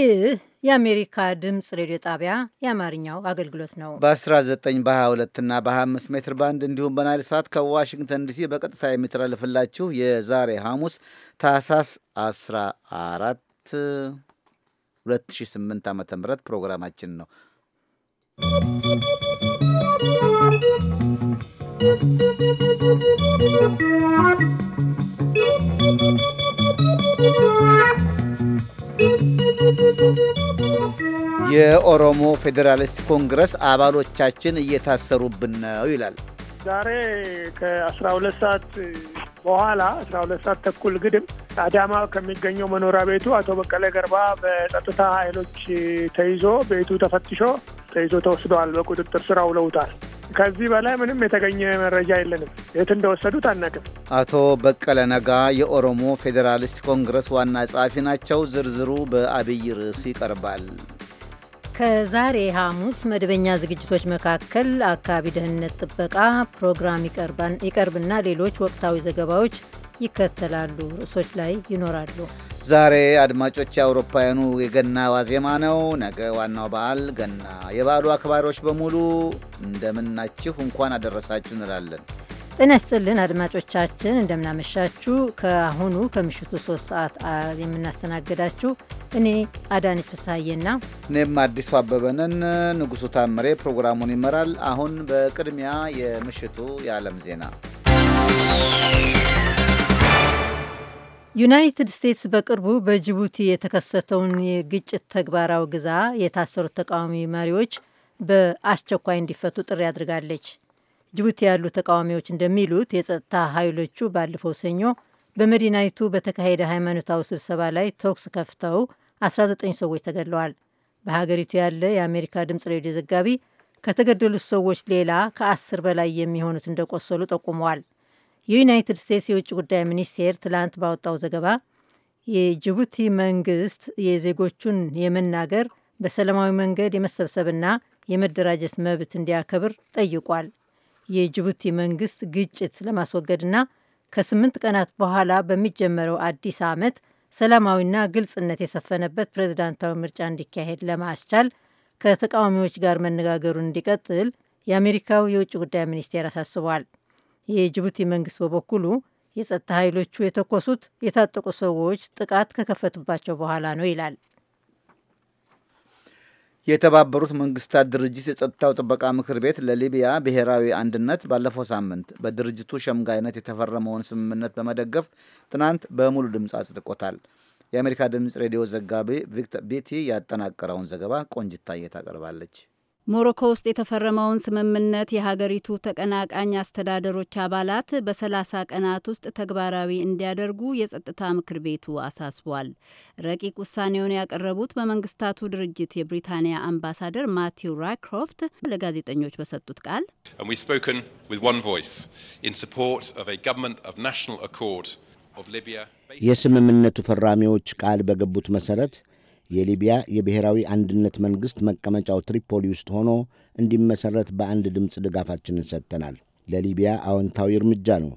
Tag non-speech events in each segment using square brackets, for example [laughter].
ይህ የአሜሪካ ድምፅ ሬዲዮ ጣቢያ የአማርኛው አገልግሎት ነው። በ19 በ22 እና በ25 ሜትር ባንድ እንዲሁም በናይል ሰዓት ከዋሽንግተን ዲሲ በቀጥታ የሚተላልፍላችሁ የዛሬ ሐሙስ ታህሳስ 14 2008 ዓ ም ፕሮግራማችን ነው። ¶¶ የኦሮሞ ፌዴራሊስት ኮንግረስ አባሎቻችን እየታሰሩብን ነው ይላል። ዛሬ ከአስራ ሁለት ሰዓት በኋላ አስራ ሁለት ሰዓት ተኩል ግድም አዳማ ከሚገኘው መኖሪያ ቤቱ አቶ በቀለ ገርባ በጸጥታ ኃይሎች ተይዞ ቤቱ ተፈትሾ ተይዞ ተወስደዋል። በቁጥጥር ስር ውለውታል። ከዚህ በላይ ምንም የተገኘ መረጃ የለንም። የት እንደወሰዱት አናውቅም። አቶ በቀለ ነጋ የኦሮሞ ፌዴራሊስት ኮንግረስ ዋና ጸሐፊ ናቸው። ዝርዝሩ በአብይ ርዕስ ይቀርባል። ከዛሬ ሐሙስ መደበኛ ዝግጅቶች መካከል አካባቢ ደህንነት ጥበቃ ፕሮግራም ይቀርብና ሌሎች ወቅታዊ ዘገባዎች ይከተላሉ። ርዕሶች ላይ ይኖራሉ። ዛሬ አድማጮች የአውሮፓውያኑ የገና ዋዜማ ነው። ነገ ዋናው በዓል ገና። የበዓሉ አክባሪዎች በሙሉ እንደምናችሁ እንኳን አደረሳችሁ እንላለን። ጤና ይስጥልን አድማጮቻችን፣ እንደምናመሻችሁ። ከአሁኑ ከምሽቱ ሶስት ሰዓት የምናስተናግዳችሁ እኔ አዳነች ፍስሐዬና እኔም አዲሱ አበበንን። ንጉሱ ታምሬ ፕሮግራሙን ይመራል። አሁን በቅድሚያ የምሽቱ የዓለም ዜና። ዩናይትድ ስቴትስ በቅርቡ በጅቡቲ የተከሰተውን የግጭት ተግባራዊ ግዛ የታሰሩት ተቃዋሚ መሪዎች በአስቸኳይ እንዲፈቱ ጥሪ አድርጋለች። ጅቡቲ ያሉ ተቃዋሚዎች እንደሚሉት የጸጥታ ኃይሎቹ ባለፈው ሰኞ በመዲናይቱ በተካሄደ ሃይማኖታዊ ስብሰባ ላይ ተኩስ ከፍተው 19 ሰዎች ተገድለዋል። በሀገሪቱ ያለ የአሜሪካ ድምፅ ሬዲዮ ዘጋቢ ከተገደሉት ሰዎች ሌላ ከአስር በላይ የሚሆኑት እንደቆሰሉ ጠቁመዋል። የዩናይትድ ስቴትስ የውጭ ጉዳይ ሚኒስቴር ትላንት ባወጣው ዘገባ የጅቡቲ መንግስት የዜጎቹን የመናገር በሰላማዊ መንገድ የመሰብሰብና የመደራጀት መብት እንዲያከብር ጠይቋል። የጅቡቲ መንግስት ግጭት ለማስወገድና ከስምንት ቀናት በኋላ በሚጀመረው አዲስ ዓመት ሰላማዊና ግልጽነት የሰፈነበት ፕሬዝዳንታዊ ምርጫ እንዲካሄድ ለማስቻል ከተቃዋሚዎች ጋር መነጋገሩን እንዲቀጥል የአሜሪካው የውጭ ጉዳይ ሚኒስቴር አሳስቧል። የጅቡቲ መንግስት በበኩሉ የጸጥታ ኃይሎቹ የተኮሱት የታጠቁ ሰዎች ጥቃት ከከፈቱባቸው በኋላ ነው ይላል። የተባበሩት መንግስታት ድርጅት የጸጥታው ጥበቃ ምክር ቤት ለሊቢያ ብሔራዊ አንድነት ባለፈው ሳምንት በድርጅቱ ሸምጋይነት የተፈረመውን ስምምነት በመደገፍ ትናንት በሙሉ ድምፅ አጽድቆታል። የአሜሪካ ድምፅ ሬዲዮ ዘጋቢ ቪክተር ቤቲ ያጠናቀረውን ዘገባ ቆንጅታዬ ታቀርባለች። ሞሮኮ ውስጥ የተፈረመውን ስምምነት የሀገሪቱ ተቀናቃኝ አስተዳደሮች አባላት በሰላሳ ቀናት ውስጥ ተግባራዊ እንዲያደርጉ የጸጥታ ምክር ቤቱ አሳስቧል። ረቂቅ ውሳኔውን ያቀረቡት በመንግስታቱ ድርጅት የብሪታንያ አምባሳደር ማቲው ራይክሮፍት ለጋዜጠኞች በሰጡት ቃል የስምምነቱ ፈራሚዎች ቃል በገቡት መሰረት የሊቢያ የብሔራዊ አንድነት መንግሥት መቀመጫው ትሪፖሊ ውስጥ ሆኖ እንዲመሠረት በአንድ ድምፅ ድጋፋችንን ሰጥተናል። ለሊቢያ አዎንታዊ እርምጃ ነው።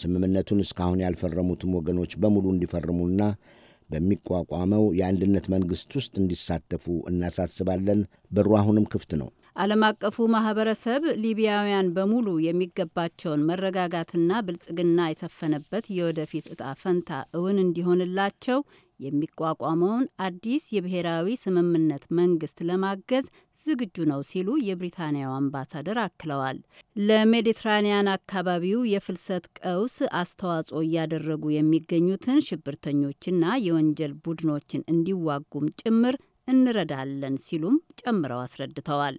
ስምምነቱን እስካሁን ያልፈረሙትም ወገኖች በሙሉ እንዲፈርሙና በሚቋቋመው የአንድነት መንግሥት ውስጥ እንዲሳተፉ እናሳስባለን። በሩ አሁንም ክፍት ነው። ዓለም አቀፉ ማህበረሰብ ሊቢያውያን በሙሉ የሚገባቸውን መረጋጋትና ብልጽግና የሰፈነበት የወደፊት እጣ ፈንታ እውን እንዲሆንላቸው የሚቋቋመውን አዲስ የብሔራዊ ስምምነት መንግስት ለማገዝ ዝግጁ ነው ሲሉ የብሪታንያው አምባሳደር አክለዋል። ለሜዲትራኒያን አካባቢው የፍልሰት ቀውስ አስተዋጽኦ እያደረጉ የሚገኙትን ሽብርተኞችና የወንጀል ቡድኖችን እንዲዋጉም ጭምር እንረዳለን ሲሉም ጨምረው አስረድተዋል።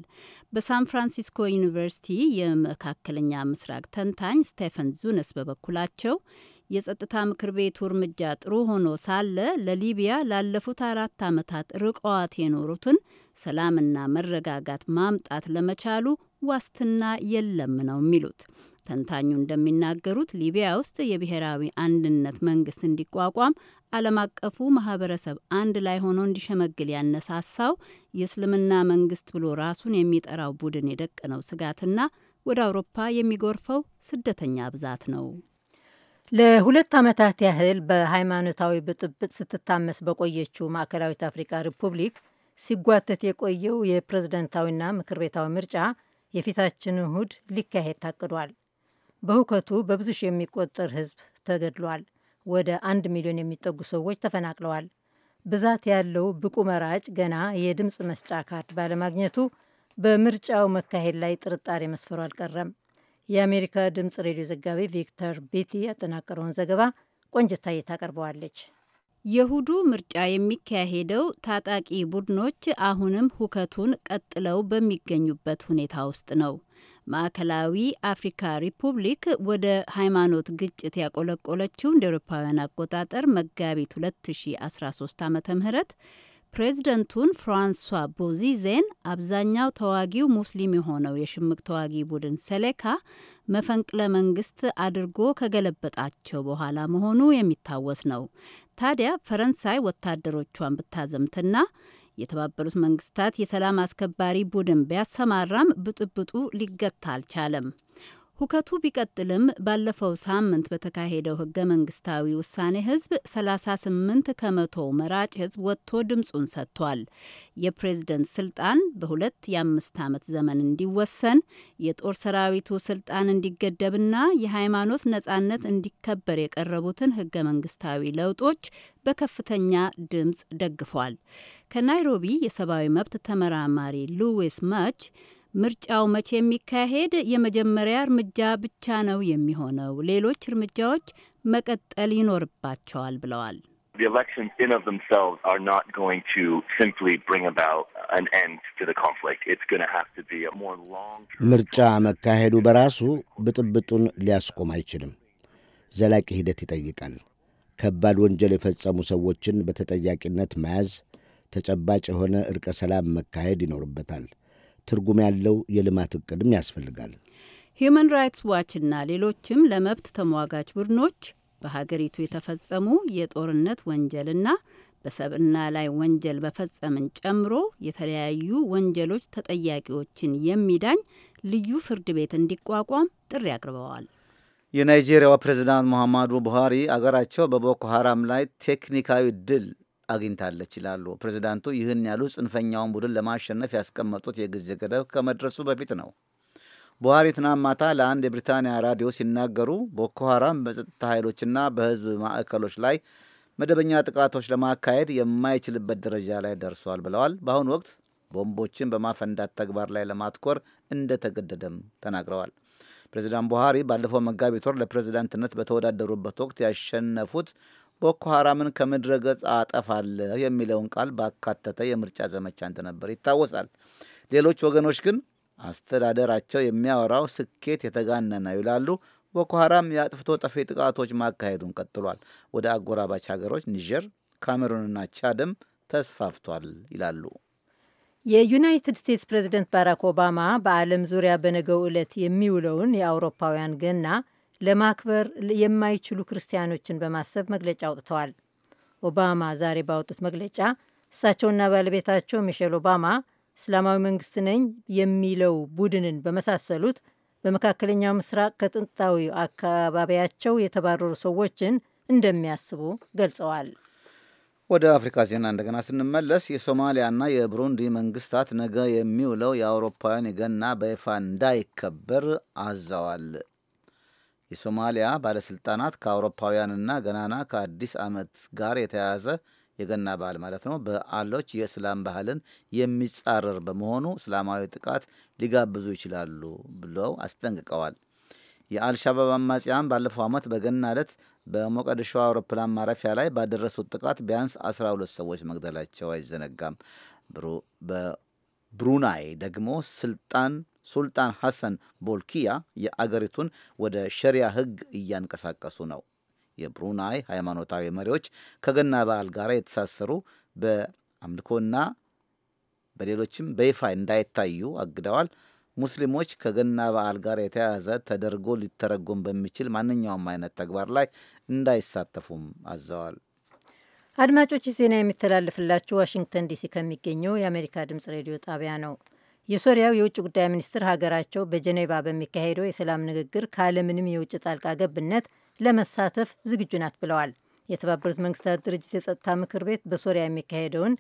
በሳን ፍራንሲስኮ ዩኒቨርሲቲ የመካከለኛ ምስራቅ ተንታኝ ስቴፈን ዙነስ በበኩላቸው የጸጥታ ምክር ቤቱ እርምጃ ጥሩ ሆኖ ሳለ ለሊቢያ ላለፉት አራት ዓመታት ርቀዋት የኖሩትን ሰላምና መረጋጋት ማምጣት ለመቻሉ ዋስትና የለም ነው የሚሉት። ተንታኙ እንደሚናገሩት ሊቢያ ውስጥ የብሔራዊ አንድነት መንግስት እንዲቋቋም ዓለም አቀፉ ማህበረሰብ አንድ ላይ ሆኖ እንዲሸመግል ያነሳሳው የእስልምና መንግስት ብሎ ራሱን የሚጠራው ቡድን የደቀነው ስጋትና ወደ አውሮፓ የሚጎርፈው ስደተኛ ብዛት ነው። ለሁለት ዓመታት ያህል በሃይማኖታዊ ብጥብጥ ስትታመስ በቆየችው ማዕከላዊት አፍሪካ ሪፑብሊክ ሲጓተት የቆየው የፕሬዝደንታዊና ምክር ቤታዊ ምርጫ የፊታችን እሁድ ሊካሄድ ታቅዷል። በሁከቱ በብዙ ሺህ የሚቆጠር ህዝብ ተገድሏል። ወደ አንድ ሚሊዮን የሚጠጉ ሰዎች ተፈናቅለዋል። ብዛት ያለው ብቁ መራጭ ገና የድምፅ መስጫ ካርድ ባለማግኘቱ በምርጫው መካሄድ ላይ ጥርጣሬ መስፈሩ አልቀረም። የአሜሪካ ድምፅ ሬዲዮ ዘጋቢ ቪክተር ቢቲ ያጠናቀረውን ዘገባ ቆንጅታዬ ታቀርበዋለች። የሁዱ ምርጫ የሚካሄደው ታጣቂ ቡድኖች አሁንም ሁከቱን ቀጥለው በሚገኙበት ሁኔታ ውስጥ ነው። ማዕከላዊ አፍሪካ ሪፑብሊክ ወደ ሃይማኖት ግጭት ያቆለቆለችው እንደ አውሮፓውያን አቆጣጠር መጋቢት 2013 ዓ ም ፕሬዝደንቱን ፍራንሷ ቦዚዜን አብዛኛው ተዋጊው ሙስሊም የሆነው የሽምቅ ተዋጊ ቡድን ሰሌካ መፈንቅለ መንግስት አድርጎ ከገለበጣቸው በኋላ መሆኑ የሚታወስ ነው። ታዲያ ፈረንሳይ ወታደሮቿን ብታዘምትና የተባበሩት መንግስታት የሰላም አስከባሪ ቡድን ቢያሰማራም ብጥብጡ ሊገታ አልቻለም። ሁከቱ ቢቀጥልም ባለፈው ሳምንት በተካሄደው ህገ መንግስታዊ ውሳኔ ህዝብ 38 ከመቶ መራጭ ህዝብ ወጥቶ ድምፁን ሰጥቷል። የፕሬዝደንት ስልጣን በሁለት የአምስት ዓመት ዘመን እንዲወሰን፣ የጦር ሰራዊቱ ስልጣን እንዲገደብና የሃይማኖት ነጻነት እንዲከበር የቀረቡትን ህገ መንግስታዊ ለውጦች በከፍተኛ ድምፅ ደግፏል። ከናይሮቢ የሰብአዊ መብት ተመራማሪ ሉዊስ ማች ምርጫው መቼ የሚካሄድ የመጀመሪያ እርምጃ ብቻ ነው የሚሆነው። ሌሎች እርምጃዎች መቀጠል ይኖርባቸዋል ብለዋል። ምርጫ መካሄዱ በራሱ ብጥብጡን ሊያስቆም አይችልም። ዘላቂ ሂደት ይጠይቃል። ከባድ ወንጀል የፈጸሙ ሰዎችን በተጠያቂነት መያዝ፣ ተጨባጭ የሆነ እርቀ ሰላም መካሄድ ይኖርበታል። ትርጉም ያለው የልማት እቅድም ያስፈልጋል። ሂዩማን ራይትስ ዋችና ሌሎችም ለመብት ተሟጋች ቡድኖች በሀገሪቱ የተፈጸሙ የጦርነት ወንጀልና በሰብና ላይ ወንጀል በፈጸምን ጨምሮ የተለያዩ ወንጀሎች ተጠያቂዎችን የሚዳኝ ልዩ ፍርድ ቤት እንዲቋቋም ጥሪ አቅርበዋል። የናይጄሪያው ፕሬዚዳንት ሙሐማዱ ቡሃሪ አገራቸው በቦኮ ሀራም ላይ ቴክኒካዊ ድል አግኝታለች ይላሉ ፕሬዚዳንቱ። ይህን ያሉ ጽንፈኛውን ቡድን ለማሸነፍ ያስቀመጡት የጊዜ ገደብ ከመድረሱ በፊት ነው። ቡሃሪ ትናንት ማታ ለአንድ የብሪታንያ ራዲዮ ሲናገሩ ቦኮ ሀራም በጸጥታ ኃይሎችና በህዝብ ማዕከሎች ላይ መደበኛ ጥቃቶች ለማካሄድ የማይችልበት ደረጃ ላይ ደርሷል ብለዋል። በአሁኑ ወቅት ቦምቦችን በማፈንዳት ተግባር ላይ ለማትኮር እንደተገደደም ተናግረዋል። ፕሬዚዳንት ቡሃሪ ባለፈው መጋቢት ወር ለፕሬዚዳንትነት በተወዳደሩበት ወቅት ያሸነፉት ቦኮ ሐራምን ከምድረ ገጽ አጠፋለህ የሚለውን ቃል ባካተተ የምርጫ ዘመቻ እንደነበር ይታወሳል። ሌሎች ወገኖች ግን አስተዳደራቸው የሚያወራው ስኬት የተጋነነ ነው ይላሉ። ቦኮ ሐራም የአጥፍቶ ጠፊ ጥቃቶች ማካሄዱን ቀጥሏል። ወደ አጎራባች ሀገሮች ኒጀር፣ ካሜሩንና ቻድም ተስፋፍቷል ይላሉ። የዩናይትድ ስቴትስ ፕሬዚደንት ባራክ ኦባማ በዓለም ዙሪያ በነገው ዕለት የሚውለውን የአውሮፓውያን ገና ለማክበር የማይችሉ ክርስቲያኖችን በማሰብ መግለጫ አውጥተዋል። ኦባማ ዛሬ ባወጡት መግለጫ እሳቸውና ባለቤታቸው ሚሼል ኦባማ እስላማዊ መንግስት ነኝ የሚለው ቡድንን በመሳሰሉት በመካከለኛው ምስራቅ ከጥንታዊ አካባቢያቸው የተባረሩ ሰዎችን እንደሚያስቡ ገልጸዋል። ወደ አፍሪካ ዜና እንደገና ስንመለስ የሶማሊያና የብሩንዲ መንግስታት ነገ የሚውለው የአውሮፓውያን የገና በይፋ እንዳይከበር አዘዋል። የሶማሊያ ባለስልጣናት ከአውሮፓውያንና ገናና ከአዲስ ዓመት ጋር የተያያዘ የገና በዓል ማለት ነው በዓሎች የእስላም ባህልን የሚጻረር በመሆኑ እስላማዊ ጥቃት ሊጋብዙ ይችላሉ ብለው አስጠንቅቀዋል። የአልሻባብ አማጽያን ባለፈው ዓመት በገና ዕለት በሞቃዲሾ አውሮፕላን ማረፊያ ላይ ባደረሱት ጥቃት ቢያንስ 12 ሰዎች መግደላቸው አይዘነጋም። በብሩናይ ደግሞ ስልጣን ሱልጣን ሐሰን ቦልኪያ የአገሪቱን ወደ ሸሪያ ሕግ እያንቀሳቀሱ ነው። የብሩናይ ሃይማኖታዊ መሪዎች ከገና በዓል ጋር የተሳሰሩ በአምልኮና በሌሎችም በይፋ እንዳይታዩ አግደዋል። ሙስሊሞች ከገና በዓል ጋር የተያያዘ ተደርጎ ሊተረጎም በሚችል ማንኛውም አይነት ተግባር ላይ እንዳይሳተፉም አዘዋል። አድማጮች ዜና የሚተላለፍላችሁ ዋሽንግተን ዲሲ ከሚገኘው የአሜሪካ ድምጽ ሬዲዮ ጣቢያ ነው። የሶሪያው የውጭ ጉዳይ ሚኒስትር ሀገራቸው በጀኔቫ በሚካሄደው የሰላም ንግግር ካለምንም የውጭ ጣልቃ ገብነት ለመሳተፍ ዝግጁ ናት ብለዋል። የተባበሩት መንግስታት ድርጅት የጸጥታ ምክር ቤት በሶሪያ የሚካሄደውን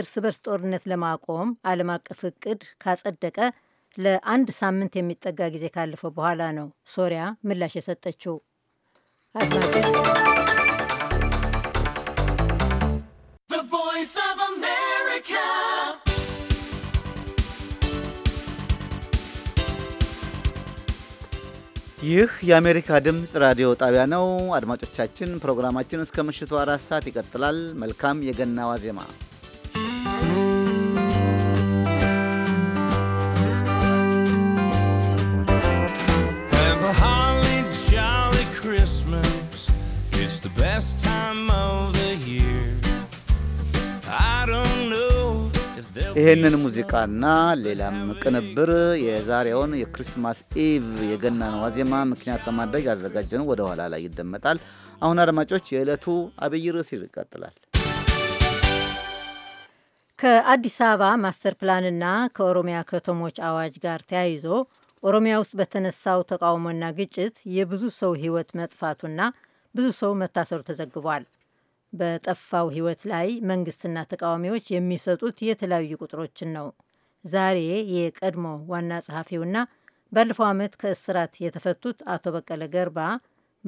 እርስ በርስ ጦርነት ለማቆም ዓለም አቀፍ እቅድ ካጸደቀ ለአንድ ሳምንት የሚጠጋ ጊዜ ካለፈው በኋላ ነው ሶሪያ ምላሽ የሰጠችው። ይህ የአሜሪካ ድምፅ ራዲዮ ጣቢያ ነው። አድማጮቻችን፣ ፕሮግራማችን እስከ ምሽቱ አራት ሰዓት ይቀጥላል። መልካም የገና ዋዜማ Have a holly jolly Christmas It's the best time of ይህንን ሙዚቃና ሌላም ቅንብር የዛሬውን የክሪስማስ ኢቭ የገናን ዋዜማ ምክንያት በማድረግ ያዘጋጀነው ወደ ኋላ ላይ ይደመጣል። አሁን አድማጮች፣ የዕለቱ አብይ ርዕስ ይቀጥላል። ከአዲስ አበባ ማስተር ፕላንና ከኦሮሚያ ከተሞች አዋጅ ጋር ተያይዞ ኦሮሚያ ውስጥ በተነሳው ተቃውሞና ግጭት የብዙ ሰው ሕይወት መጥፋቱና ብዙ ሰው መታሰሩ ተዘግቧል። በጠፋው ህይወት ላይ መንግስትና ተቃዋሚዎች የሚሰጡት የተለያዩ ቁጥሮችን ነው። ዛሬ የቀድሞ ዋና ጸሐፊውና ባለፈው ዓመት ከእስራት የተፈቱት አቶ በቀለ ገርባ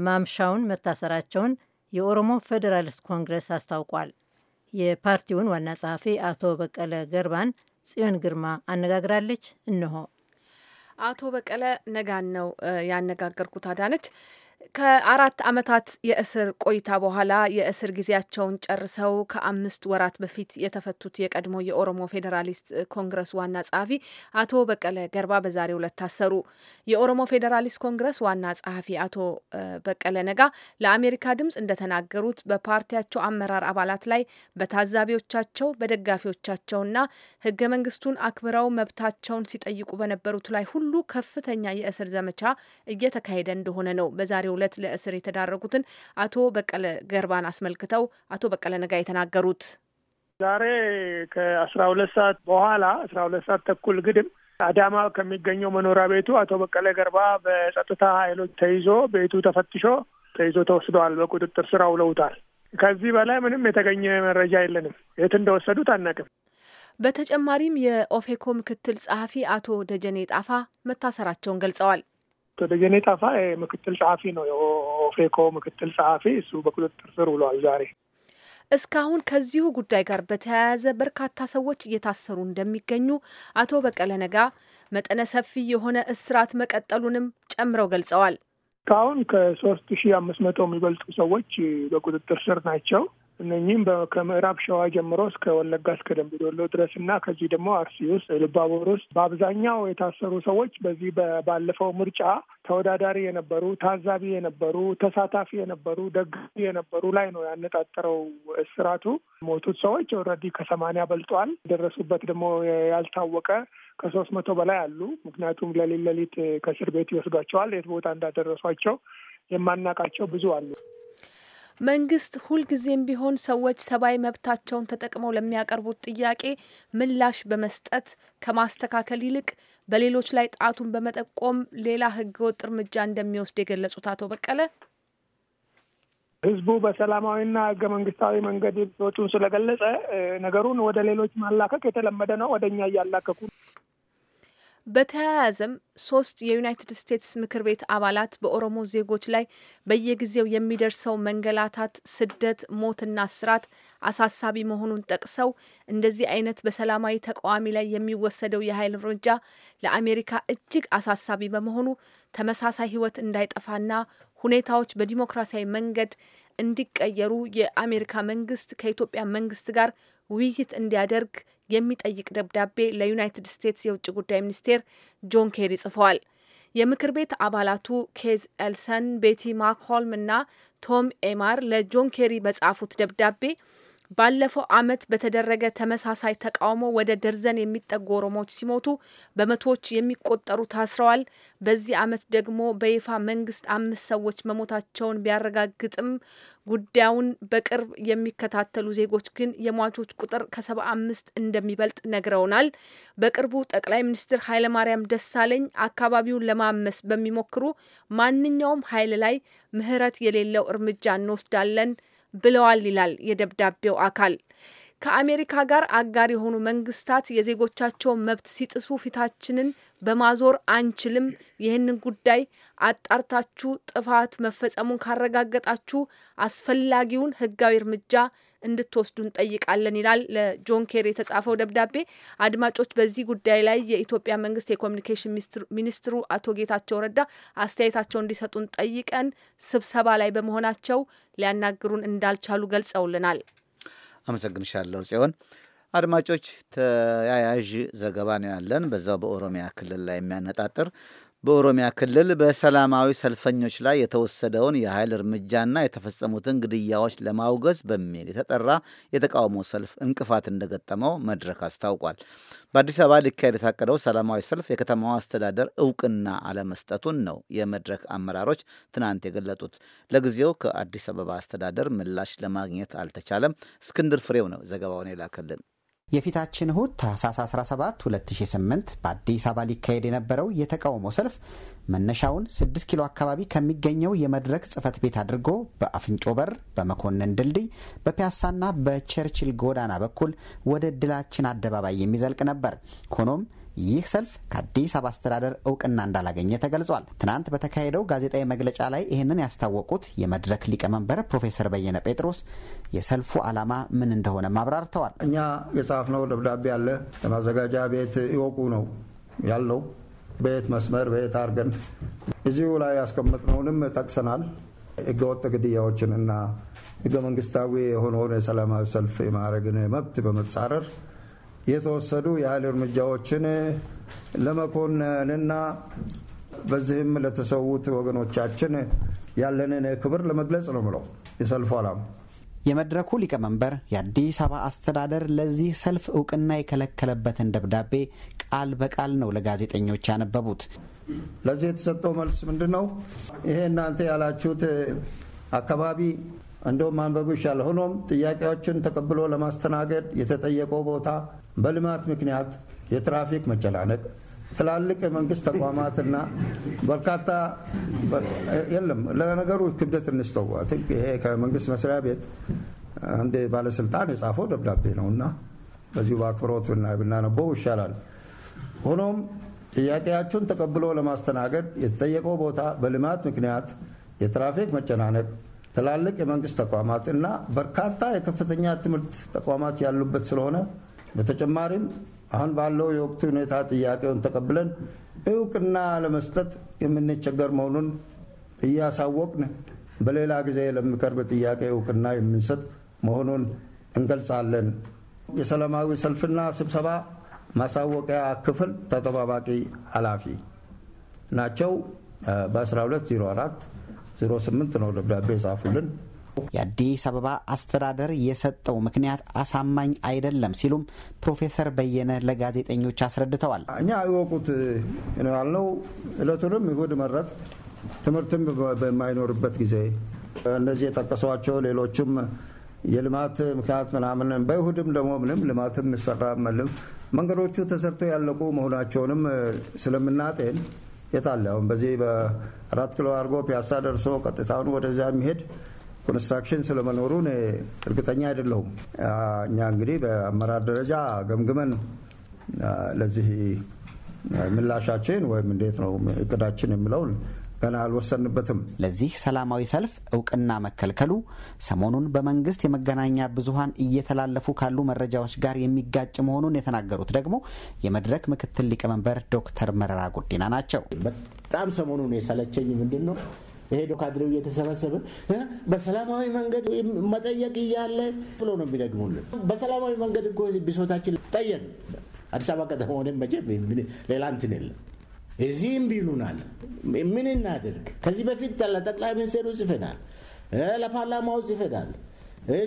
ማምሻውን መታሰራቸውን የኦሮሞ ፌዴራሊስት ኮንግረስ አስታውቋል። የፓርቲውን ዋና ጸሐፊ አቶ በቀለ ገርባን ጽዮን ግርማ አነጋግራለች። እነሆ አቶ በቀለ ነጋን ነው ያነጋገርኩት። አዳነች ከአራት ዓመታት የእስር ቆይታ በኋላ የእስር ጊዜያቸውን ጨርሰው ከአምስት ወራት በፊት የተፈቱት የቀድሞ የኦሮሞ ፌዴራሊስት ኮንግረስ ዋና ጸሐፊ አቶ በቀለ ገርባ በዛሬ ዕለት ታሰሩ። የኦሮሞ ፌዴራሊስት ኮንግረስ ዋና ጸሐፊ አቶ በቀለ ነጋ ለአሜሪካ ድምፅ እንደተናገሩት በፓርቲያቸው አመራር አባላት ላይ በታዛቢዎቻቸው በደጋፊዎቻቸውና ህገ መንግስቱን አክብረው መብታቸውን ሲጠይቁ በነበሩት ላይ ሁሉ ከፍተኛ የእስር ዘመቻ እየተካሄደ እንደሆነ ነው በዛሬ በዛሬው ዕለት ለእስር የተዳረጉትን አቶ በቀለ ገርባን አስመልክተው አቶ በቀለ ነጋ የተናገሩት ዛሬ ከአስራ ሁለት ሰዓት በኋላ አስራ ሁለት ሰዓት ተኩል ግድም አዳማ ከሚገኘው መኖሪያ ቤቱ አቶ በቀለ ገርባ በጸጥታ ኃይሎች ተይዞ ቤቱ ተፈትሾ ተይዞ ተወስደዋል። በቁጥጥር ስር አውለውታል። ከዚህ በላይ ምንም የተገኘ መረጃ የለንም። የት እንደወሰዱት አናውቅም። በተጨማሪም የኦፌኮ ምክትል ጸሐፊ አቶ ደጀኔ ጣፋ መታሰራቸውን ገልጸዋል። ደጀኔ ጣፋ ምክትል ጸሐፊ ነው፣ የኦፌኮ ምክትል ጸሐፊ። እሱ በቁጥጥር ስር ውሏል ዛሬ። እስካሁን ከዚሁ ጉዳይ ጋር በተያያዘ በርካታ ሰዎች እየታሰሩ እንደሚገኙ አቶ በቀለ ነጋ መጠነ ሰፊ የሆነ እስራት መቀጠሉንም ጨምረው ገልጸዋል። እስካሁን ከሶስት ሺህ አምስት መቶ የሚበልጡ ሰዎች በቁጥጥር ስር ናቸው። እነኚህም ከምዕራብ ሸዋ ጀምሮ እስከ ወለጋ እስከ ደምቢ ዶሎ ድረስ እና ከዚህ ደግሞ አርሲ ውስጥ ልባቦር ውስጥ በአብዛኛው የታሰሩ ሰዎች በዚህ ባለፈው ምርጫ ተወዳዳሪ የነበሩ፣ ታዛቢ የነበሩ፣ ተሳታፊ የነበሩ፣ ደጋፊ የነበሩ ላይ ነው ያነጣጠረው እስራቱ። ሞቱት ሰዎች ኦልሬዲ ከሰማንያ በልጧል። የደረሱበት ደግሞ ያልታወቀ ከሶስት መቶ በላይ አሉ። ምክንያቱም ለሊት ለሊት ከእስር ቤት ይወስዷቸዋል። የት ቦታ እንዳደረሷቸው የማናቃቸው ብዙ አሉ። መንግስት ሁልጊዜም ቢሆን ሰዎች ሰብአዊ መብታቸውን ተጠቅመው ለሚያቀርቡት ጥያቄ ምላሽ በመስጠት ከማስተካከል ይልቅ በሌሎች ላይ ጣቱን በመጠቆም ሌላ ህገወጥ እርምጃ እንደሚወስድ የገለጹት አቶ በቀለ ህዝቡ በሰላማዊና ህገ መንግስታዊ መንገድ ቶቹን ስለገለጸ ነገሩን ወደ ሌሎች ማላከክ የተለመደ ነው። ወደ እኛ እያላከኩ በተያያዘም ሶስት የዩናይትድ ስቴትስ ምክር ቤት አባላት በኦሮሞ ዜጎች ላይ በየጊዜው የሚደርሰው መንገላታት፣ ስደት፣ ሞትና እስራት አሳሳቢ መሆኑን ጠቅሰው እንደዚህ አይነት በሰላማዊ ተቃዋሚ ላይ የሚወሰደው የኃይል እርምጃ ለአሜሪካ እጅግ አሳሳቢ በመሆኑ ተመሳሳይ ሕይወት እንዳይጠፋና ሁኔታዎች በዲሞክራሲያዊ መንገድ እንዲቀየሩ የአሜሪካ መንግስት ከኢትዮጵያ መንግስት ጋር ውይይት እንዲያደርግ የሚጠይቅ ደብዳቤ ለዩናይትድ ስቴትስ የውጭ ጉዳይ ሚኒስቴር ጆን ኬሪ ጽፈዋል። የምክር ቤት አባላቱ ኬዝ ኤልሰን፣ ቤቲ ማክሆልም እና ቶም ኤማር ለጆን ኬሪ በጻፉት ደብዳቤ ባለፈው ዓመት በተደረገ ተመሳሳይ ተቃውሞ ወደ ደርዘን የሚጠጉ ኦሮሞዎች ሲሞቱ በመቶዎች የሚቆጠሩ ታስረዋል። በዚህ ዓመት ደግሞ በይፋ መንግስት አምስት ሰዎች መሞታቸውን ቢያረጋግጥም ጉዳዩን በቅርብ የሚከታተሉ ዜጎች ግን የሟቾች ቁጥር ከሰባ አምስት እንደሚበልጥ ነግረውናል። በቅርቡ ጠቅላይ ሚኒስትር ኃይለማርያም ደሳለኝ አካባቢውን ለማመስ በሚሞክሩ ማንኛውም ኃይል ላይ ምህረት የሌለው እርምጃ እንወስዳለን ብለዋል ይላል የደብዳቤው አካል። ከአሜሪካ ጋር አጋር የሆኑ መንግስታት የዜጎቻቸውን መብት ሲጥሱ ፊታችንን በማዞር አንችልም። ይህንን ጉዳይ አጣርታችሁ ጥፋት መፈጸሙን ካረጋገጣችሁ አስፈላጊውን ሕጋዊ እርምጃ እንድትወስዱ እንጠይቃለን ይላል ለጆን ኬር የተጻፈው ደብዳቤ። አድማጮች፣ በዚህ ጉዳይ ላይ የኢትዮጵያ መንግስት የኮሚኒኬሽን ሚኒስትሩ አቶ ጌታቸው ረዳ አስተያየታቸው እንዲሰጡን ጠይቀን ስብሰባ ላይ በመሆናቸው ሊያናግሩን እንዳልቻሉ ገልጸውልናል። አመሰግንሻለሁ ጽዮን። አድማጮች ተያያዥ ዘገባ ነው ያለን፣ በዛው በኦሮሚያ ክልል ላይ የሚያነጣጥር በኦሮሚያ ክልል በሰላማዊ ሰልፈኞች ላይ የተወሰደውን የኃይል እርምጃና የተፈጸሙትን ግድያዎች ለማውገዝ በሚል የተጠራ የተቃውሞ ሰልፍ እንቅፋት እንደገጠመው መድረክ አስታውቋል። በአዲስ አበባ ሊካሄድ የታቀደው ሰላማዊ ሰልፍ የከተማው አስተዳደር እውቅና አለመስጠቱን ነው የመድረክ አመራሮች ትናንት የገለጡት። ለጊዜው ከአዲስ አበባ አስተዳደር ምላሽ ለማግኘት አልተቻለም። እስክንድር ፍሬው ነው ዘገባውን የላከልን። የፊታችን እሁድ ታህሳስ 17 2008 በአዲስ አበባ ሊካሄድ የነበረው የተቃውሞ ሰልፍ መነሻውን 6 ኪሎ አካባቢ ከሚገኘው የመድረክ ጽህፈት ቤት አድርጎ በአፍንጮ በር፣ በመኮንን ድልድይ፣ በፒያሳና በቸርችል ጎዳና በኩል ወደ ድላችን አደባባይ የሚዘልቅ ነበር። ሆኖም ይህ ሰልፍ ከአዲስ አበባ አስተዳደር እውቅና እንዳላገኘ ተገልጿል። ትናንት በተካሄደው ጋዜጣዊ መግለጫ ላይ ይህንን ያስታወቁት የመድረክ ሊቀመንበር ፕሮፌሰር በየነ ጴጥሮስ የሰልፉ ዓላማ ምን እንደሆነ ማብራርተዋል። እኛ የጻፍነው ደብዳቤ አለ ለማዘጋጃ ቤት ይወቁ ነው ያለው በየት መስመር በየት አድርገን እዚሁ ላይ ያስቀመጥነውንም ጠቅሰናል። ህገወጥ ግድያዎችን እና ህገ መንግስታዊ የሆነውን የሰላማዊ ሰልፍ የማድረግን መብት በመጻረር የተወሰዱ የኃይል እርምጃዎችን ለመኮንንና በዚህም ለተሰዉት ወገኖቻችን ያለንን ክብር ለመግለጽ ነው ምለው የሰልፉ ዓላማ የመድረኩ ሊቀመንበር የአዲስ አበባ አስተዳደር ለዚህ ሰልፍ እውቅና የከለከለበትን ደብዳቤ ቃል በቃል ነው ለጋዜጠኞች ያነበቡት። ለዚህ የተሰጠው መልስ ምንድን ነው? ይሄ እናንተ ያላችሁት አካባቢ እንደውም ማንበቡ ይሻል። ሆኖም ጥያቄዎችን ተቀብሎ ለማስተናገድ የተጠየቀው ቦታ በልማት ምክንያት የትራፊክ መጨናነቅ ትላልቅ የመንግስት ተቋማትና በርካታ የለም። ለነገሩ ክብደት እንስተው ይሄ ከመንግስት መስሪያ ቤት አንድ ባለስልጣን የጻፈው ደብዳቤ ነው እና በዚሁ በአክብሮት ብናነበው ይሻላል። ሆኖም ጥያቄያቸውን ተቀብሎ ለማስተናገድ የተጠየቀው ቦታ በልማት ምክንያት የትራፊክ መጨናነቅ፣ ትላልቅ የመንግስት ተቋማት እና በርካታ የከፍተኛ ትምህርት ተቋማት ያሉበት ስለሆነ በተጨማሪም አሁን ባለው የወቅቱ ሁኔታ ጥያቄውን ተቀብለን እውቅና ለመስጠት የምንቸገር መሆኑን እያሳወቅን በሌላ ጊዜ ለሚቀርብ ጥያቄ እውቅና የምንሰጥ መሆኑን እንገልጻለን። የሰላማዊ ሰልፍና ስብሰባ ማሳወቂያ ክፍል ተጠባባቂ ኃላፊ ናቸው። በ1204 08 ነው ደብዳቤ የጻፉልን። የአዲስ አበባ አስተዳደር የሰጠው ምክንያት አሳማኝ አይደለም ሲሉም ፕሮፌሰር በየነ ለጋዜጠኞች አስረድተዋል። እኛ እወቁት ነው ያልነው። እለቱንም ይሁድ መረጥ ትምህርትም በማይኖርበት ጊዜ እነዚህ የጠቀሷቸው ሌሎችም የልማት ምክንያት ምናምን በይሁድም ደግሞ ምንም ልማትም ይሰራ መልም መንገዶቹ ተሰርቶ ያለቁ መሆናቸውንም ስለምናጤን የታለ አሁን በዚህ በአራት ኪሎ አድርጎ ፒያሳ ደርሶ ቀጥታውን ወደዚያ የሚሄድ ኮንስትራክሽን ስለመኖሩ እርግጠኛ አይደለሁም። እኛ እንግዲህ በአመራር ደረጃ ገምግመን ለዚህ ምላሻችን ወይም እንዴት ነው እቅዳችን የምለውን ገና አልወሰንበትም። ለዚህ ሰላማዊ ሰልፍ እውቅና መከልከሉ ሰሞኑን በመንግስት የመገናኛ ብዙኃን እየተላለፉ ካሉ መረጃዎች ጋር የሚጋጭ መሆኑን የተናገሩት ደግሞ የመድረክ ምክትል ሊቀመንበር ዶክተር መረራ ጉዲና ናቸው። በጣም ሰሞኑን የሰለቸኝ ምንድን ነው የሄዶ ካድሬው እየተሰበሰበ በሰላማዊ መንገድ መጠየቅ እያለ ብሎ ነው የሚደግሙልን። በሰላማዊ መንገድ እኮ ብሶታችን ጠየቅ። አዲስ አበባ ከተማ ሆነ መቼም ሌላ እንትን የለም። እዚህም ቢሉናል፣ ምን እናድርግ? ከዚህ በፊት ለጠቅላይ ሚኒስቴሩ ጽፈናል፣ ለፓርላማው ጽፈናል።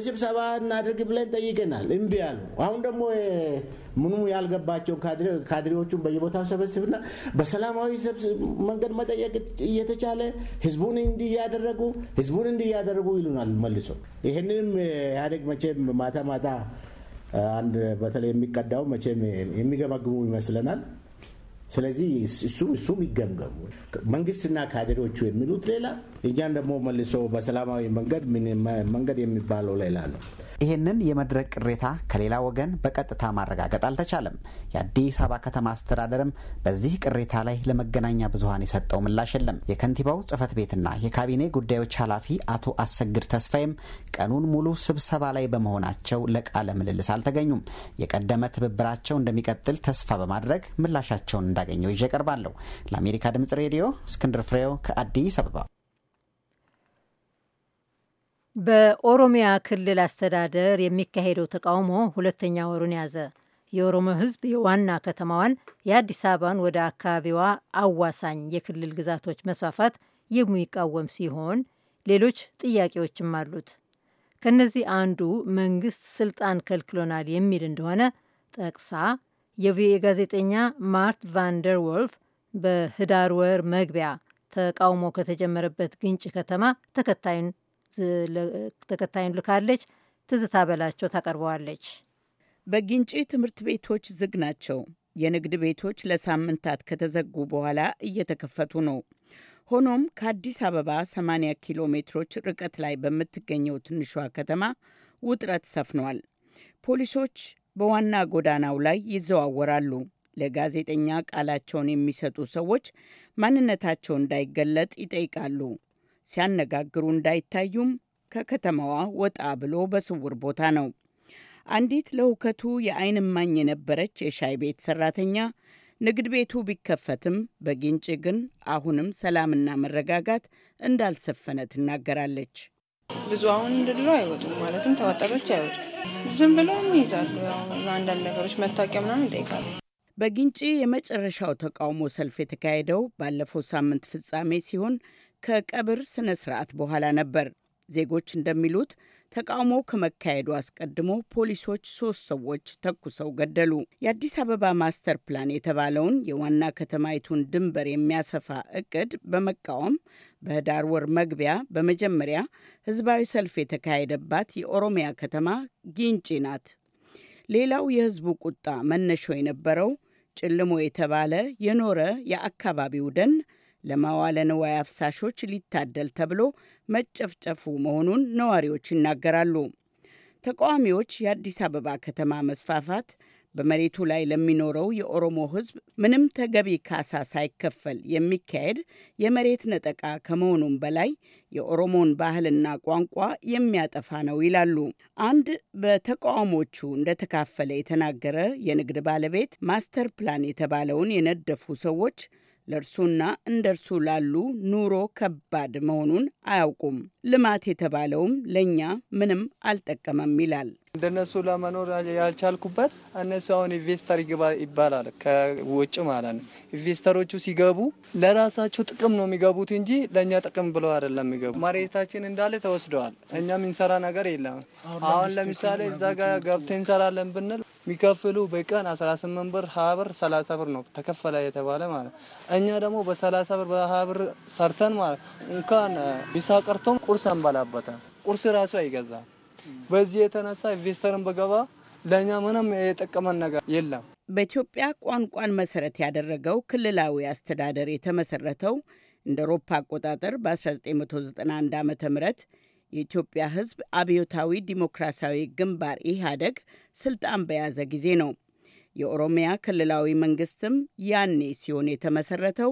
ስብሰባ እናድርግ ብለን ጠይቀናል። እምቢ አሉ። አሁን ደግሞ ምኑ ያልገባቸውን ካድሬዎቹን በየቦታው ሰበስብና በሰላማዊ መንገድ መጠየቅ እየተቻለ ህዝቡን እንዲህ እያደረጉ ህዝቡን እንዲህ እያደረጉ ይሉናል መልሶ። ይህንንም ኢህአዴግ መቼም ማታ ማታ አንድ በተለይ የሚቀዳው መቼም የሚገመግሙ ይመስለናል። ስለዚህ እሱ እሱ ይገምገሙ። መንግስትና ካድሬዎቹ የሚሉት ሌላ፣ እኛን ደግሞ መልሶ በሰላማዊ መንገድ መንገድ የሚባለው ሌላ ነው። ይህንን የመድረክ ቅሬታ ከሌላ ወገን በቀጥታ ማረጋገጥ አልተቻለም። የአዲስ አበባ ከተማ አስተዳደርም በዚህ ቅሬታ ላይ ለመገናኛ ብዙኃን የሰጠው ምላሽ የለም። የከንቲባው ጽህፈት ቤትና የካቢኔ ጉዳዮች ኃላፊ አቶ አሰግድ ተስፋዬም ቀኑን ሙሉ ስብሰባ ላይ በመሆናቸው ለቃለ ምልልስ አልተገኙም። የቀደመ ትብብራቸው እንደሚቀጥል ተስፋ በማድረግ ምላሻቸውን እንዳገኘው ይዤ ቀርባለሁ። ለአሜሪካ ድምጽ ሬዲዮ እስክንድር ፍሬው ከአዲስ አበባ በኦሮሚያ ክልል አስተዳደር የሚካሄደው ተቃውሞ ሁለተኛ ወሩን ያዘ። የኦሮሞ ሕዝብ የዋና ከተማዋን የአዲስ አበባን ወደ አካባቢዋ አዋሳኝ የክልል ግዛቶች መስፋፋት የሚቃወም ሲሆን ሌሎች ጥያቄዎችም አሉት። ከነዚህ አንዱ መንግስት ስልጣን ከልክሎናል የሚል እንደሆነ ጠቅሳ የቪኦኤ ጋዜጠኛ ማርት ቫንደር ወልፍ በህዳር ወር መግቢያ ተቃውሞ ከተጀመረበት ግንጭ ከተማ ተከታዩን ተከታዩን ልካለች። ትዝታ በላቸው ታቀርበዋለች። በጊንጪ ትምህርት ቤቶች ዝግ ናቸው። የንግድ ቤቶች ለሳምንታት ከተዘጉ በኋላ እየተከፈቱ ነው። ሆኖም ከአዲስ አበባ 80 ኪሎ ሜትሮች ርቀት ላይ በምትገኘው ትንሿ ከተማ ውጥረት ሰፍኗል። ፖሊሶች በዋና ጎዳናው ላይ ይዘዋወራሉ። ለጋዜጠኛ ቃላቸውን የሚሰጡ ሰዎች ማንነታቸው እንዳይገለጥ ይጠይቃሉ። ሲያነጋግሩ እንዳይታዩም ከከተማዋ ወጣ ብሎ በስውር ቦታ ነው። አንዲት ለውከቱ የአይን እማኝ የነበረች የሻይ ቤት ሰራተኛ ንግድ ቤቱ ቢከፈትም በጊንጪ ግን አሁንም ሰላምና መረጋጋት እንዳልሰፈነ ትናገራለች። ብዙ አሁን እንድሎ አይወጡም፣ ማለትም ተዋጣሪዎች አይወጡም። ዝም ብለውም ይይዛሉ። አንዳንድ ነገሮች መታወቂያ ምናምን ይጠይቃሉ። በጊንጪ የመጨረሻው ተቃውሞ ሰልፍ የተካሄደው ባለፈው ሳምንት ፍጻሜ ሲሆን ከቀብር ስነ ስርዓት በኋላ ነበር። ዜጎች እንደሚሉት ተቃውሞ ከመካሄዱ አስቀድሞ ፖሊሶች ሶስት ሰዎች ተኩሰው ገደሉ። የአዲስ አበባ ማስተር ፕላን የተባለውን የዋና ከተማይቱን ድንበር የሚያሰፋ እቅድ በመቃወም በህዳር ወር መግቢያ በመጀመሪያ ህዝባዊ ሰልፍ የተካሄደባት የኦሮሚያ ከተማ ጊንጪ ናት። ሌላው የህዝቡ ቁጣ መነሾ የነበረው ጭልሞ የተባለ የኖረ የአካባቢው ደን ለማዋለ ንዋይ አፍሳሾች ሊታደል ተብሎ መጨፍጨፉ መሆኑን ነዋሪዎች ይናገራሉ። ተቃዋሚዎች የአዲስ አበባ ከተማ መስፋፋት በመሬቱ ላይ ለሚኖረው የኦሮሞ ሕዝብ ምንም ተገቢ ካሳ ሳይከፈል የሚካሄድ የመሬት ነጠቃ ከመሆኑም በላይ የኦሮሞን ባህልና ቋንቋ የሚያጠፋ ነው ይላሉ። አንድ በተቃውሞቹ እንደተካፈለ የተናገረ የንግድ ባለቤት ማስተር ፕላን የተባለውን የነደፉ ሰዎች ለእርሱና እንደ እርሱ ላሉ ኑሮ ከባድ መሆኑን አያውቁም። ልማት የተባለውም ለእኛ ምንም አልጠቀመም ይላል። እንደነሱ ለመኖር ያልቻልኩበት እነሱ አሁን ኢንቨስተር ይባላል ከውጭ ማለት ነው። ኢንቨስተሮቹ ሲገቡ ለራሳቸው ጥቅም ነው የሚገቡት እንጂ ለእኛ ጥቅም ብለው አይደለም የሚገቡ። መሬታችን እንዳለ ተወስደዋል። እኛም እንሰራ ነገር የለም። አሁን ለምሳሌ እዛ ጋር ገብተን እንሰራለን ብንል የሚከፍሉ በቀን 18 ብር፣ 20 ብር፣ 30 ብር ነው ተከፈለ የተባለ ማለት። እኛ ደግሞ በ30 ብር በ20 ብር ሰርተን ማለት እንኳን ቢሳ ቀርቶም ቁርስ አንበላበትም። ቁርስ ራሱ አይገዛም። በዚህ የተነሳ ኢንቨስተርን በገባ ለእኛ ምንም የጠቀመን ነገር የለም። በኢትዮጵያ ቋንቋን መሰረት ያደረገው ክልላዊ አስተዳደር የተመሰረተው እንደ አውሮፓ አቆጣጠር በ1991 ዓ ም የኢትዮጵያ ሕዝብ አብዮታዊ ዲሞክራሲያዊ ግንባር ኢህአደግ ስልጣን በያዘ ጊዜ ነው። የኦሮሚያ ክልላዊ መንግስትም ያኔ ሲሆን የተመሰረተው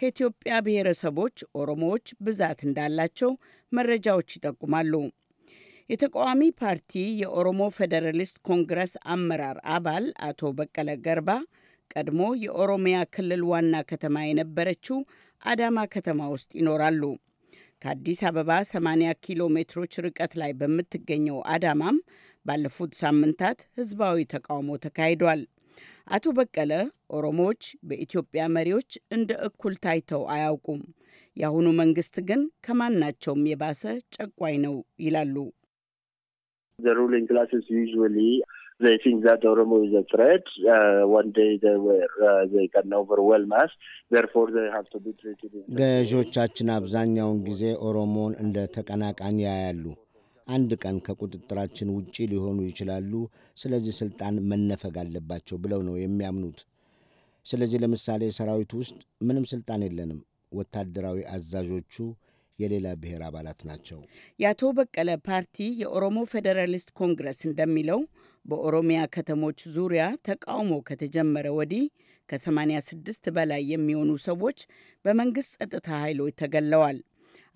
ከኢትዮጵያ ብሔረሰቦች ኦሮሞዎች ብዛት እንዳላቸው መረጃዎች ይጠቁማሉ። የተቃዋሚ ፓርቲ የኦሮሞ ፌዴራሊስት ኮንግረስ አመራር አባል አቶ በቀለ ገርባ ቀድሞ የኦሮሚያ ክልል ዋና ከተማ የነበረችው አዳማ ከተማ ውስጥ ይኖራሉ። ከአዲስ አበባ 80 ኪሎ ሜትሮች ርቀት ላይ በምትገኘው አዳማም ባለፉት ሳምንታት ህዝባዊ ተቃውሞ ተካሂዷል። አቶ በቀለ ኦሮሞዎች በኢትዮጵያ መሪዎች እንደ እኩል ታይተው አያውቁም፣ የአሁኑ መንግስት ግን ከማናቸውም የባሰ ጨቋኝ ነው ይላሉ። they think that Oromo is a threat. Uh, one day they were, uh, they can overwhelm us. Therefore they have to be treated. ገዢዎቻችን አብዛኛውን ጊዜ ኦሮሞን እንደ ተቀናቃኝ ያያሉ። አንድ ቀን ከቁጥጥራችን ውጪ ሊሆኑ ይችላሉ፣ ስለዚህ ስልጣን መነፈግ አለባቸው ብለው ነው የሚያምኑት። ስለዚህ ለምሳሌ ሰራዊቱ ውስጥ ምንም ስልጣን የለንም። ወታደራዊ አዛዦቹ የሌላ ብሔር አባላት ናቸው። የአቶ በቀለ ፓርቲ የኦሮሞ ፌዴራሊስት ኮንግረስ እንደሚለው በኦሮሚያ ከተሞች ዙሪያ ተቃውሞ ከተጀመረ ወዲህ ከ86 በላይ የሚሆኑ ሰዎች በመንግሥት ጸጥታ ኃይሎች ተገለዋል።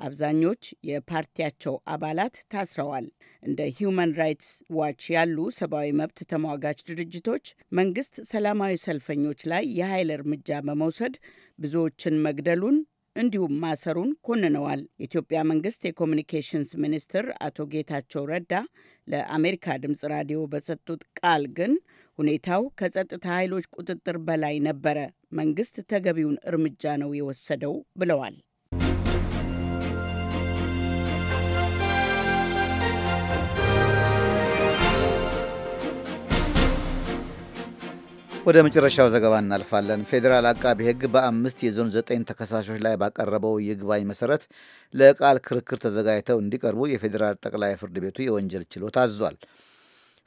አብዛኞች የፓርቲያቸው አባላት ታስረዋል። እንደ ሂዩማን ራይትስ ዋች ያሉ ሰብአዊ መብት ተሟጋች ድርጅቶች መንግስት ሰላማዊ ሰልፈኞች ላይ የኃይል እርምጃ በመውሰድ ብዙዎችን መግደሉን እንዲሁም ማሰሩን ኮንነዋል። የኢትዮጵያ መንግስት የኮሚኒኬሽንስ ሚኒስትር አቶ ጌታቸው ረዳ ለአሜሪካ ድምፅ ራዲዮ በሰጡት ቃል ግን ሁኔታው ከጸጥታ ኃይሎች ቁጥጥር በላይ ነበረ፣ መንግስት ተገቢውን እርምጃ ነው የወሰደው ብለዋል። ወደ መጨረሻው ዘገባ እናልፋለን። ፌዴራል አቃቢ ሕግ በአምስት የዞን ዘጠኝ ተከሳሾች ላይ ባቀረበው ይግባኝ መሰረት ለቃል ክርክር ተዘጋጅተው እንዲቀርቡ የፌዴራል ጠቅላይ ፍርድ ቤቱ የወንጀል ችሎት አዟል።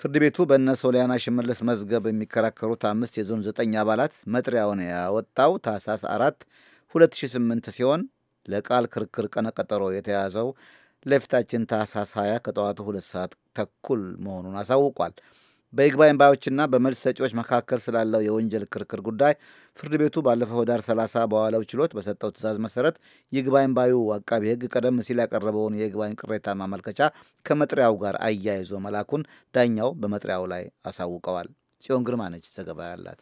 ፍርድ ቤቱ በእነ ሶሊያና ሽመለስ መዝገብ የሚከራከሩት አምስት የዞን ዘጠኝ አባላት መጥሪያውን ያወጣው ታህሳስ አራት 2008 ሲሆን ለቃል ክርክር ቀነቀጠሮ የተያዘው ለፊታችን ታህሳስ 20 ከጠዋቱ ሁለት ሰዓት ተኩል መሆኑን አሳውቋል። በይግባኝ ባዮችና በመልስ ሰጪዎች መካከል ስላለው የወንጀል ክርክር ጉዳይ ፍርድ ቤቱ ባለፈው ኅዳር 30 በዋለው ችሎት በሰጠው ትዕዛዝ መሰረት ይግባኝ ባዩ አቃቢ ሕግ ቀደም ሲል ያቀረበውን የይግባኝ ቅሬታ ማመልከቻ ከመጥሪያው ጋር አያይዞ መላኩን ዳኛው በመጥሪያው ላይ አሳውቀዋል። ጽዮን ግርማ ነች ዘገባ ያላት።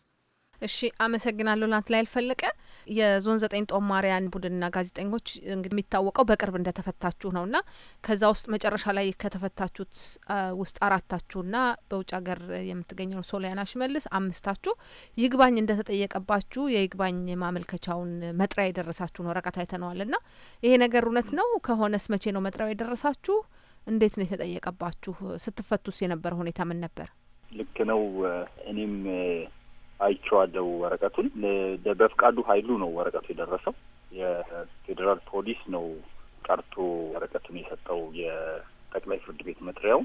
እሺ አመሰግናለሁ። ላንት ላይ ያልፈለቀ የዞን ዘጠኝ ጦማሪያን ቡድንና ጋዜጠኞች እንግዲህ የሚታወቀው በቅርብ እንደተፈታችሁ ነው ና ከዛ ውስጥ መጨረሻ ላይ ከተፈታችሁት ውስጥ ና በውጭ ሀገር የምትገኘው ሶሊያና ሽመልስ አምስታችሁ ይግባኝ እንደተጠየቀባችሁ የይግባኝ ማመልከቻውን መጥሪያ የደረሳችሁን ወረቀት አይተነዋል ና ይሄ ነገር እውነት ነው ከሆነስ መቼ ነው መጥሪያው የደረሳችሁ? እንዴት ነው የተጠየቀባችሁ? ስትፈቱስ የነበረ ሁኔታ ምን ነበር? ልክ ነው። እኔም አይቼዋለሁ ወረቀቱን። በፍቃዱ ኃይሉ ነው ወረቀቱ የደረሰው። የፌዴራል ፖሊስ ነው ቀርቶ ወረቀቱን የሰጠው የጠቅላይ ፍርድ ቤት መጥሪያው።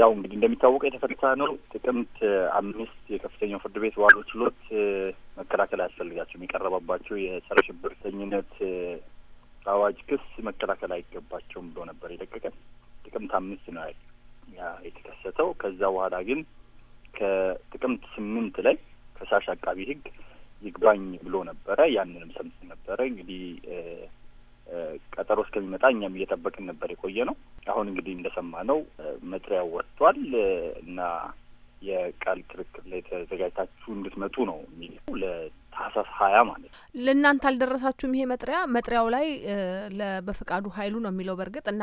ያው እንግዲህ እንደሚታወቀው የተፈታ ነው። ጥቅምት አምስት የከፍተኛው ፍርድ ቤት ዋሎ ችሎት መከላከል አያስፈልጋቸውም። የቀረበባቸው የጸረ ሽብርተኝነት አዋጅ ክስ መከላከል አይገባቸውም ብሎ ነበር የለቀቀን። ጥቅምት አምስት ነው ያ የተከሰተው። ከዛ በኋላ ግን ከጥቅምት ስምንት ላይ ከሳሽ አቃቢ ህግ ይግባኝ ብሎ ነበረ። ያንንም ሰምተን ነበረ። እንግዲህ ቀጠሮ እስከሚመጣ እኛም እየጠበቅን ነበር የቆየ ነው። አሁን እንግዲህ እንደሰማ ነው መጥሪያው ወጥቷል እና የቃል ክርክር ላይ ተዘጋጅታችሁ እንድትመጡ ነው የሚለው ለታህሳስ ሀያ ማለት ነው። ለእናንተ አልደረሳችሁም ይሄ መጥሪያ። መጥሪያው ላይ በፈቃዱ ኃይሉ ነው የሚለው በእርግጥ እና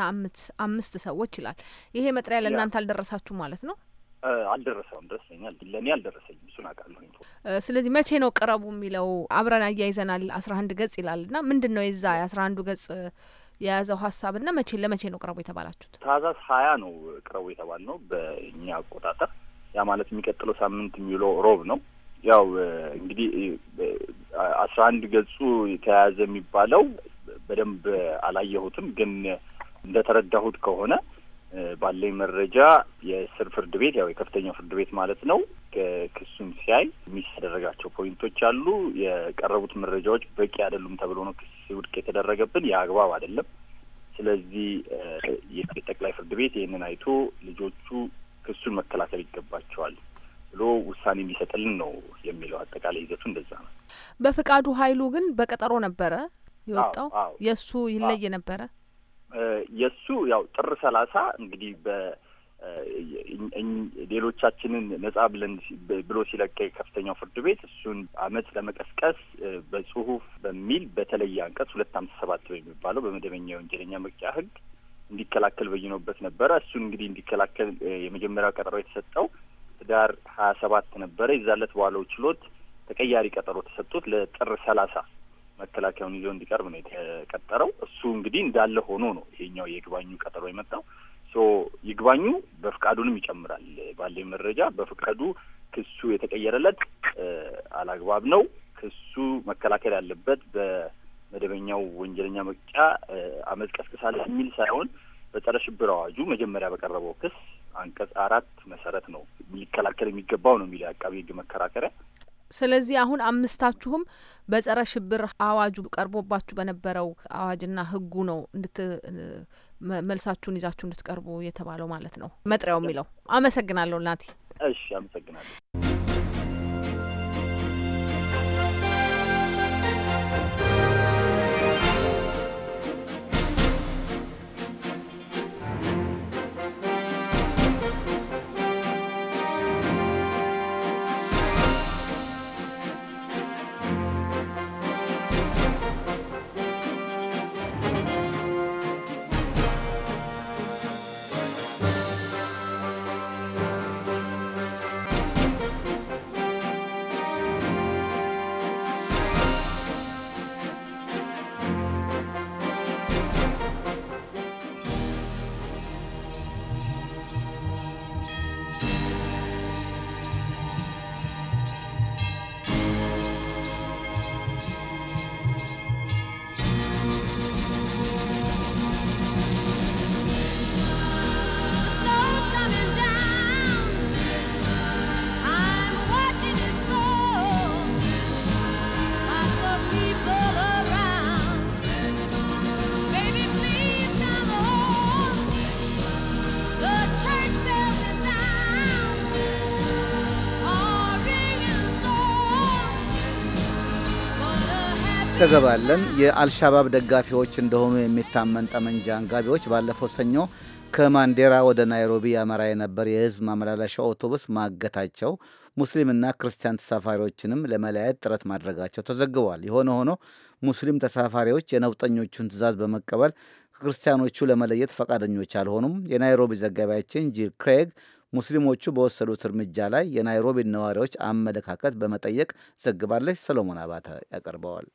አምስት ሰዎች ይላል። ይሄ መጥሪያ ለእናንተ አልደረሳችሁ ማለት ነው። አልደረሰውም። ደረሰኛል ለእኔ አልደረሰኝም። እሱን አውቃለሁ። ስለዚህ መቼ ነው ቅረቡ የሚለው አብረን አያይዘናል። አስራ አንድ ገጽ ይላል እና ምንድን ነው የዛ የአስራ አንዱ ገጽ የያዘው ሀሳብ እና መቼ ለመቼ ነው ቅረቡ የተባላችሁት? ታህሳስ ሀያ ነው ቅረቡ የተባል ነው በእኛ አቆጣጠር። ያ ማለት የሚቀጥለው ሳምንት የሚውለው ሮብ ነው። ያው እንግዲህ አስራ አንድ ገጹ የተያያዘ የሚባለው በደንብ አላየሁትም፣ ግን እንደተረዳሁት ከሆነ ባለኝ መረጃ የስር ፍርድ ቤት ያው የከፍተኛው ፍርድ ቤት ማለት ነው ክሱን ሲያይ ሚስ ያደረጋቸው ፖይንቶች አሉ። የቀረቡት መረጃዎች በቂ አይደሉም ተብሎ ነው ክስ ውድቅ የተደረገብን። የአግባብ አይደለም። ስለዚህ የጠቅላይ ፍርድ ቤት ይህንን አይቶ ልጆቹ ክሱን መከላከል ይገባቸዋል ብሎ ውሳኔ የሚሰጥልን ነው የሚለው። አጠቃላይ ይዘቱ እንደዛ ነው። በፍቃዱ ኃይሉ ግን በቀጠሮ ነበረ የወጣው የእሱ ይለይ ነበረ የእሱ ያው ጥር ሰላሳ እንግዲህ በ ሌሎቻችንን ነጻ ብለን ብሎ ሲለቀ ከፍተኛው ፍርድ ቤት እሱን አመፅ ለመቀስቀስ በጽሁፍ በሚል በተለየ አንቀጽ ሁለት አምስት ሰባት በሚባለው በመደበኛ የወንጀለኛ መቅጫ ህግ እንዲከላከል በይኖበት ነበረ። እሱን እንግዲህ እንዲከላከል የመጀመሪያው ቀጠሮ የተሰጠው ህዳር ሀያ ሰባት ነበረ። ይዛለት በዋለው ችሎት ተቀያሪ ቀጠሮ ተሰጥቶት ለጥር ሰላሳ መከላከያውን ይዞ እንዲቀርብ ነው የተቀጠረው። እሱ እንግዲህ እንዳለ ሆኖ ነው ይሄኛው የይግባኙ ቀጠሮ የመጣው። ሶ ይግባኙ በፍቃዱንም ይጨምራል። ባለኝ መረጃ በፍቃዱ ክሱ የተቀየረለት አላግባብ ነው። ክሱ መከላከል ያለበት በመደበኛው ወንጀለኛ መቅጫ አመፅ ቀስቅሳለሁ የሚል ሳይሆን በጸረ ሽብር አዋጁ መጀመሪያ በቀረበው ክስ አንቀጽ አራት መሰረት ነው ሊከላከል የሚገባው ነው የሚለው የአቃቢ ህግ መከራከሪያ። ስለዚህ አሁን አምስታችሁም በጸረ ሽብር አዋጁ ቀርቦባችሁ በነበረው አዋጅና ህጉ ነው እንድት መልሳችሁን ይዛችሁ እንድትቀርቡ የተባለው ማለት ነው መጥሪያው የሚለው። አመሰግናለሁ ናቲ። እሺ አመሰግናለሁ። እንዘገባለን። የአልሻባብ ደጋፊዎች እንደሆኑ የሚታመን ጠመንጃ አንጋቢዎች ባለፈው ሰኞ ከማንዴራ ወደ ናይሮቢ ያመራ የነበር የህዝብ ማመላለሻ አውቶቡስ ማገታቸው ሙስሊምና ክርስቲያን ተሳፋሪዎችንም ለመለያየት ጥረት ማድረጋቸው ተዘግቧል። የሆነ ሆኖ ሙስሊም ተሳፋሪዎች የነውጠኞቹን ትዕዛዝ በመቀበል ክርስቲያኖቹ ለመለየት ፈቃደኞች አልሆኑም። የናይሮቢ ዘጋቢያችን ጂል ክሬግ ሙስሊሞቹ በወሰዱት እርምጃ ላይ የናይሮቢ ነዋሪዎች አመለካከት በመጠየቅ ዘግባለች። ሰሎሞን አባተ ያቀርበዋል።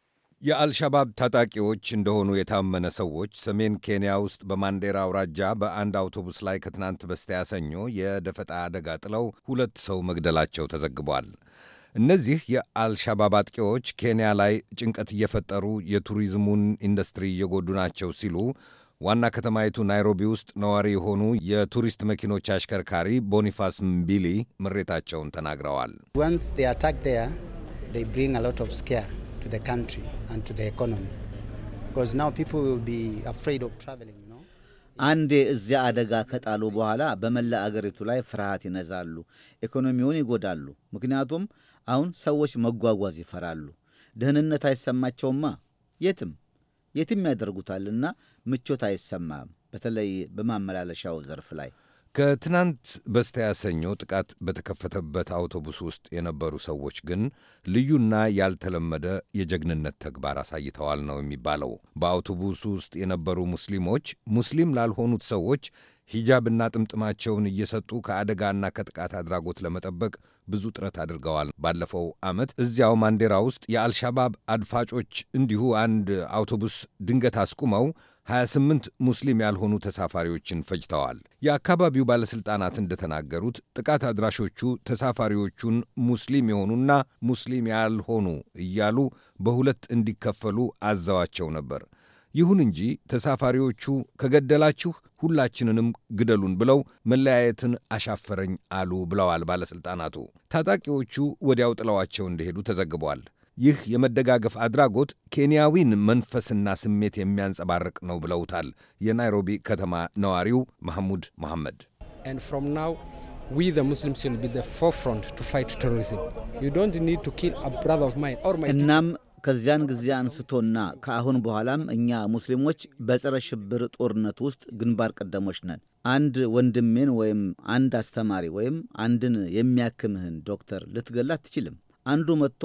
የአልሻባብ ታጣቂዎች እንደሆኑ የታመነ ሰዎች ሰሜን ኬንያ ውስጥ በማንዴራ አውራጃ በአንድ አውቶቡስ ላይ ከትናንት በስቲያ ሰኞ የደፈጣ አደጋ ጥለው ሁለት ሰው መግደላቸው ተዘግቧል። እነዚህ የአልሻባብ አጥቂዎች ኬንያ ላይ ጭንቀት እየፈጠሩ የቱሪዝሙን ኢንዱስትሪ እየጎዱ ናቸው ሲሉ ዋና ከተማይቱ ናይሮቢ ውስጥ ነዋሪ የሆኑ የቱሪስት መኪኖች አሽከርካሪ ቦኒፋስ ምቢሊ ምሬታቸውን ተናግረዋል። to the country and to the economy. Because now people will be afraid of traveling. አንዴ እዚያ አደጋ ከጣሉ በኋላ በመላ አገሪቱ ላይ ፍርሃት ይነዛሉ፣ ኢኮኖሚውን ይጎዳሉ። ምክንያቱም አሁን ሰዎች መጓጓዝ ይፈራሉ። ደህንነት አይሰማቸውማ። የትም የትም ያደርጉታልና ምቾት አይሰማም፣ በተለይ በማመላለሻው ዘርፍ ላይ ከትናንት በስቲያ ሰኞ ጥቃት በተከፈተበት አውቶቡስ ውስጥ የነበሩ ሰዎች ግን ልዩና ያልተለመደ የጀግንነት ተግባር አሳይተዋል ነው የሚባለው። በአውቶቡስ ውስጥ የነበሩ ሙስሊሞች ሙስሊም ላልሆኑት ሰዎች ሂጃብና ጥምጥማቸውን እየሰጡ ከአደጋና ከጥቃት አድራጎት ለመጠበቅ ብዙ ጥረት አድርገዋል። ባለፈው ዓመት እዚያው ማንዴራ ውስጥ የአልሻባብ አድፋጮች እንዲሁ አንድ አውቶቡስ ድንገት አስቁመው 28 ሙስሊም ያልሆኑ ተሳፋሪዎችን ፈጅተዋል። የአካባቢው ባለሥልጣናት እንደተናገሩት ጥቃት አድራሾቹ ተሳፋሪዎቹን ሙስሊም የሆኑና ሙስሊም ያልሆኑ እያሉ በሁለት እንዲከፈሉ አዘዋቸው ነበር። ይሁን እንጂ ተሳፋሪዎቹ ከገደላችሁ ሁላችንንም ግደሉን ብለው መለያየትን አሻፈረኝ አሉ ብለዋል ባለሥልጣናቱ። ታጣቂዎቹ ወዲያው ጥለዋቸው እንደሄዱ ተዘግቧል። ይህ የመደጋገፍ አድራጎት ኬንያዊን መንፈስና ስሜት የሚያንጸባርቅ ነው ብለውታል የናይሮቢ ከተማ ነዋሪው መሐሙድ መሐመድ። እናም ከዚያን ጊዜ አንስቶና ከአሁን በኋላም እኛ ሙስሊሞች በጸረ ሽብር ጦርነት ውስጥ ግንባር ቀደሞች ነን። አንድ ወንድሜን ወይም አንድ አስተማሪ ወይም አንድን የሚያክምህን ዶክተር ልትገላ አትችልም። አንዱ መጥቶ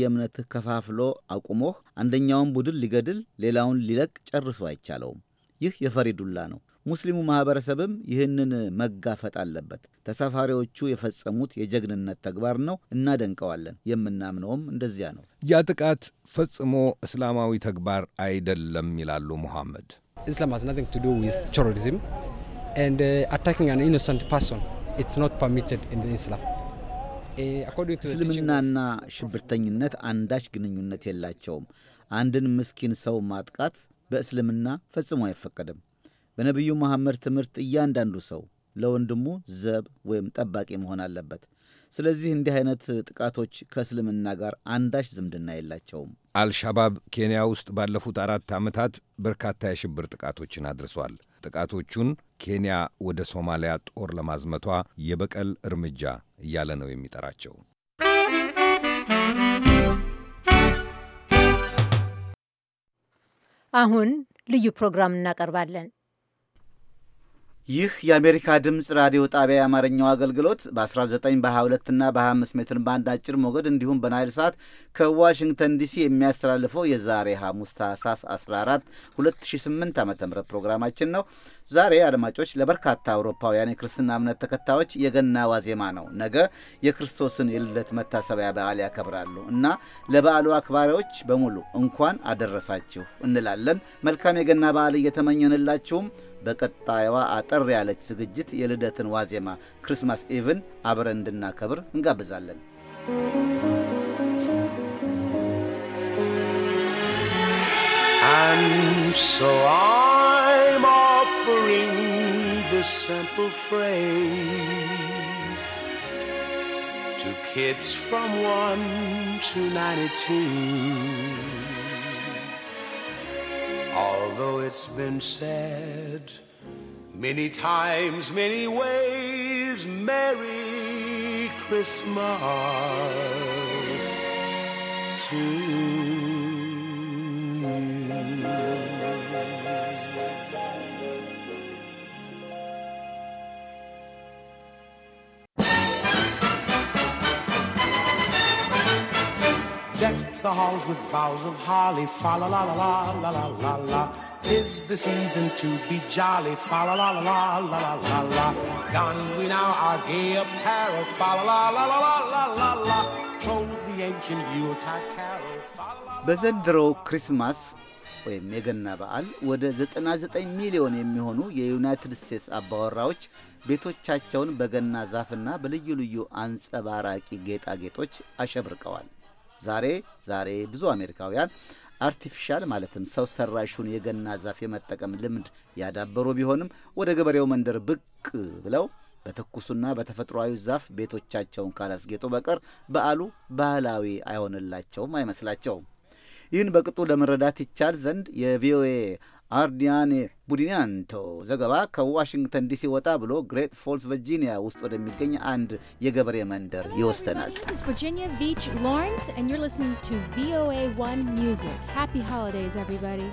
የእምነትህ ከፋፍሎ አቁሞህ አንደኛውን ቡድን ሊገድል ሌላውን ሊለቅ ጨርሶ አይቻለውም። ይህ የፈሪ ዱላ ነው። ሙስሊሙ ማኅበረሰብም ይህንን መጋፈጥ አለበት። ተሳፋሪዎቹ የፈጸሙት የጀግንነት ተግባር ነው፣ እናደንቀዋለን። የምናምነውም እንደዚያ ነው። ያ ጥቃት ፈጽሞ እስላማዊ ተግባር አይደለም ይላሉ ሙሐመድ። ኢስላም ሃዝ ናቲንግ ቱ ዱ ዊዝ ቴሮሪዝም ኤንድ አታኪንግ አን ኢኖሰንት ፐርሰን ኢትስ ኖት ፐርሚትድ ኢን ኢስላም እስልምናና ሽብርተኝነት አንዳች ግንኙነት የላቸውም። አንድን ምስኪን ሰው ማጥቃት በእስልምና ፈጽሞ አይፈቀድም። በነቢዩ መሐመድ ትምህርት እያንዳንዱ ሰው ለወንድሙ ዘብ ወይም ጠባቂ መሆን አለበት። ስለዚህ እንዲህ አይነት ጥቃቶች ከእስልምና ጋር አንዳች ዝምድና የላቸውም። አልሻባብ ኬንያ ውስጥ ባለፉት አራት ዓመታት በርካታ የሽብር ጥቃቶችን አድርሷል። ጥቃቶቹን ኬንያ ወደ ሶማሊያ ጦር ለማዝመቷ የበቀል እርምጃ እያለ ነው የሚጠራቸው። አሁን ልዩ ፕሮግራም እናቀርባለን። ይህ የአሜሪካ ድምፅ ራዲዮ ጣቢያ የአማርኛው አገልግሎት በ19 በ22 እና በ25 ሜትር ባንድ አጭር ሞገድ እንዲሁም በናይል ሰዓት ከዋሽንግተን ዲሲ የሚያስተላልፈው የዛሬ ሐሙስ ታህሳስ 14 2008 ዓ ም ፕሮግራማችን ነው። ዛሬ አድማጮች ለበርካታ አውሮፓውያን የክርስትና እምነት ተከታዮች የገና ዋዜማ ነው። ነገ የክርስቶስን የልደት መታሰቢያ በዓል ያከብራሉ እና ለበዓሉ አክባሪዎች በሙሉ እንኳን አደረሳችሁ እንላለን። መልካም የገና በዓል እየተመኘንላችሁም በቀጣዩዋ አጠር ያለች ዝግጅት የልደትን ዋዜማ ክሪስማስ ኢቭን አብረን እንድናከብር እንጋብዛለን። I'm so on. offering the simple phrase to kids from 1 to 92. Although it's been said many times, many ways, Merry Christmas to you. the halls with boughs of holly. Fa la la la la la la la la. Tis the season to be jolly. Fa la la la la la la la la. Don we now our gay apparel. Fa la la la la la la la la. Troll the ancient Yuletide carol. በዘንድሮው ክሪስማስ ወይም የገና በዓል ወደ 99 ሚሊዮን የሚሆኑ የዩናይትድ ስቴትስ አባወራዎች ቤቶቻቸውን በገና ዛፍና በልዩ ልዩ አንጸባራቂ ጌጣጌጦች አሸብርቀዋል። ዛሬ ዛሬ ብዙ አሜሪካውያን አርቲፊሻል ማለትም ሰው ሰራሹን የገና ዛፍ የመጠቀም ልምድ ያዳበሩ ቢሆንም ወደ ገበሬው መንደር ብቅ ብለው በትኩሱና በተፈጥሯዊ ዛፍ ቤቶቻቸውን ካላስጌጡ በቀር በዓሉ ባህላዊ አይሆንላቸውም አይመስላቸውም። ይህን በቅጡ ለመረዳት ይቻል ዘንድ የቪኦኤ አርዲያን ቡዲናንቶ ዘገባ ከዋሽንግተን ዲሲ ወጣ ብሎ ግሬት ፎልስ ቨርጂኒያ ውስጥ ወደሚገኝ አንድ የገበሬ መንደር ይወስደናል። ቪኦኤ ዋን ሚውዚክ ሃፒ ሆሊዴይስ ኤቨሪባዲ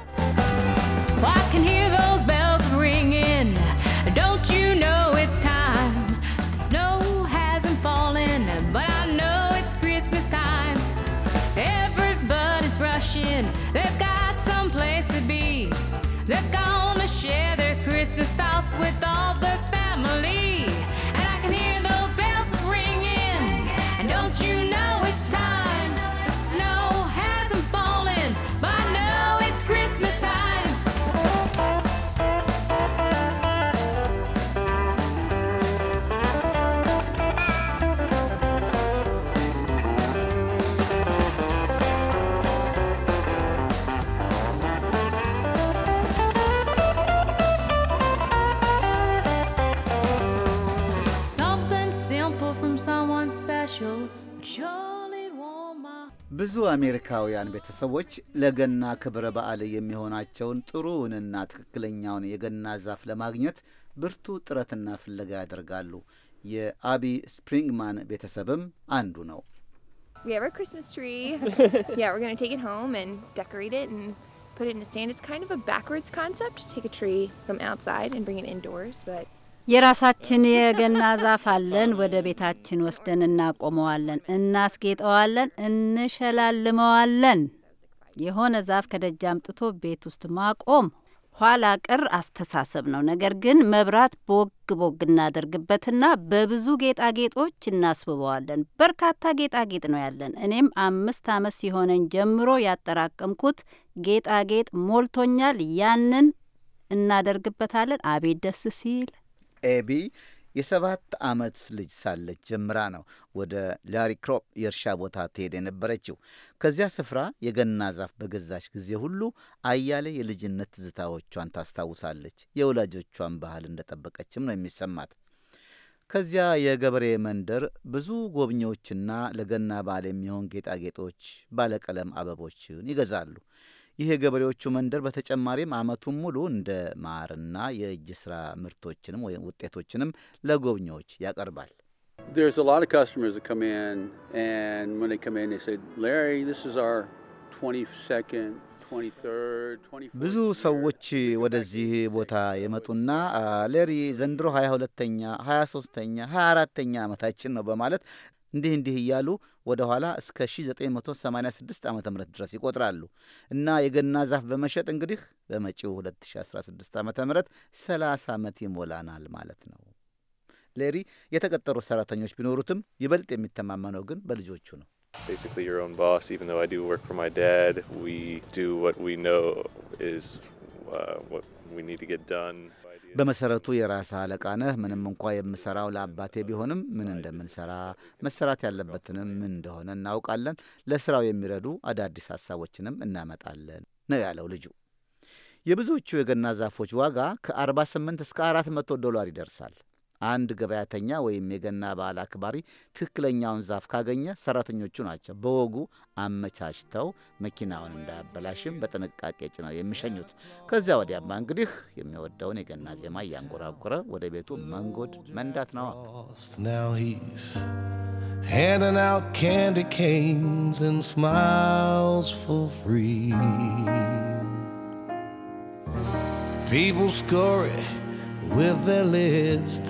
with all the ብዙ አሜሪካውያን ቤተሰቦች ለገና ክብረ በዓል የሚሆናቸውን ጥሩውንና ትክክለኛውን የገና ዛፍ ለማግኘት ብርቱ ጥረትና ፍለጋ ያደርጋሉ። የአቢ ስፕሪንግማን ቤተሰብም አንዱ ነው። [laughs] የራሳችን የገና ዛፍ አለን። ወደ ቤታችን ወስደን እናቆመዋለን፣ እናስጌጠዋለን፣ እንሸላልመዋለን። የሆነ ዛፍ ከደጃ አምጥቶ ቤት ውስጥ ማቆም ኋላ ቅር አስተሳሰብ ነው። ነገር ግን መብራት ቦግ ቦግ እናደርግበትና በብዙ ጌጣጌጦች እናስውበዋለን። በርካታ ጌጣጌጥ ነው ያለን። እኔም አምስት ዓመት ሲሆነኝ ጀምሮ ያጠራቀምኩት ጌጣጌጥ ሞልቶኛል። ያንን እናደርግበታለን። አቤት ደስ ሲል ኤቢ የሰባት ዓመት ልጅ ሳለች ጀምራ ነው ወደ ክሮፕ የእርሻ ቦታ ትሄድ የነበረችው። ከዚያ ስፍራ የገና ዛፍ በገዛች ጊዜ ሁሉ አያሌ የልጅነት ትዝታዎቿን ታስታውሳለች። የወላጆቿን ባህል እንደጠበቀችም ነው የሚሰማት። ከዚያ የገበሬ መንደር ብዙ ጎብኚዎችና ለገና በዓል የሚሆን ጌጣጌጦች፣ ባለቀለም አበቦችን ይገዛሉ። ይህ የገበሬዎቹ መንደር በተጨማሪም ዓመቱን ሙሉ እንደ ማርና የእጅ ስራ ምርቶችንም ወይም ውጤቶችንም ለጎብኚዎች ያቀርባል። ብዙ ሰዎች ወደዚህ ቦታ የመጡና ሌሪ ዘንድሮ 22 ተኛ 23ኛ፣ 24 ተኛ ዓመታችን ነው በማለት እንዲህ እንዲህ እያሉ ወደ ኋላ እስከ 1986 ዓ ም ድረስ ይቆጥራሉ እና የገና ዛፍ በመሸጥ እንግዲህ በመጪው 2016 ዓ ም 30 ዓመት ይሞላናል ማለት ነው። ሌሪ የተቀጠሩት ሰራተኞች ቢኖሩትም ይበልጥ የሚተማመነው ግን በልጆቹ ነው። Basically, በመሰረቱ የራስ አለቃ ነህ። ምንም እንኳ የምሰራው ለአባቴ ቢሆንም ምን እንደምንሰራ መሰራት ያለበትንም ምን እንደሆነ እናውቃለን። ለስራው የሚረዱ አዳዲስ ሀሳቦችንም እናመጣለን ነው ያለው ልጁ። የብዙዎቹ የገና ዛፎች ዋጋ ከ48 እስከ 400 ዶላር ይደርሳል። አንድ ገበያተኛ ወይም የገና በዓል አክባሪ ትክክለኛውን ዛፍ ካገኘ ሰራተኞቹ ናቸው በወጉ አመቻችተው መኪናውን እንዳያበላሽም በጥንቃቄ ጭነው የሚሸኙት። ከዚያ ወዲያማ እንግዲህ የሚወደውን የገና ዜማ እያንጎራጉረ ወደ ቤቱ መንጎድ መንዳት ነዋ። People scurry with their list.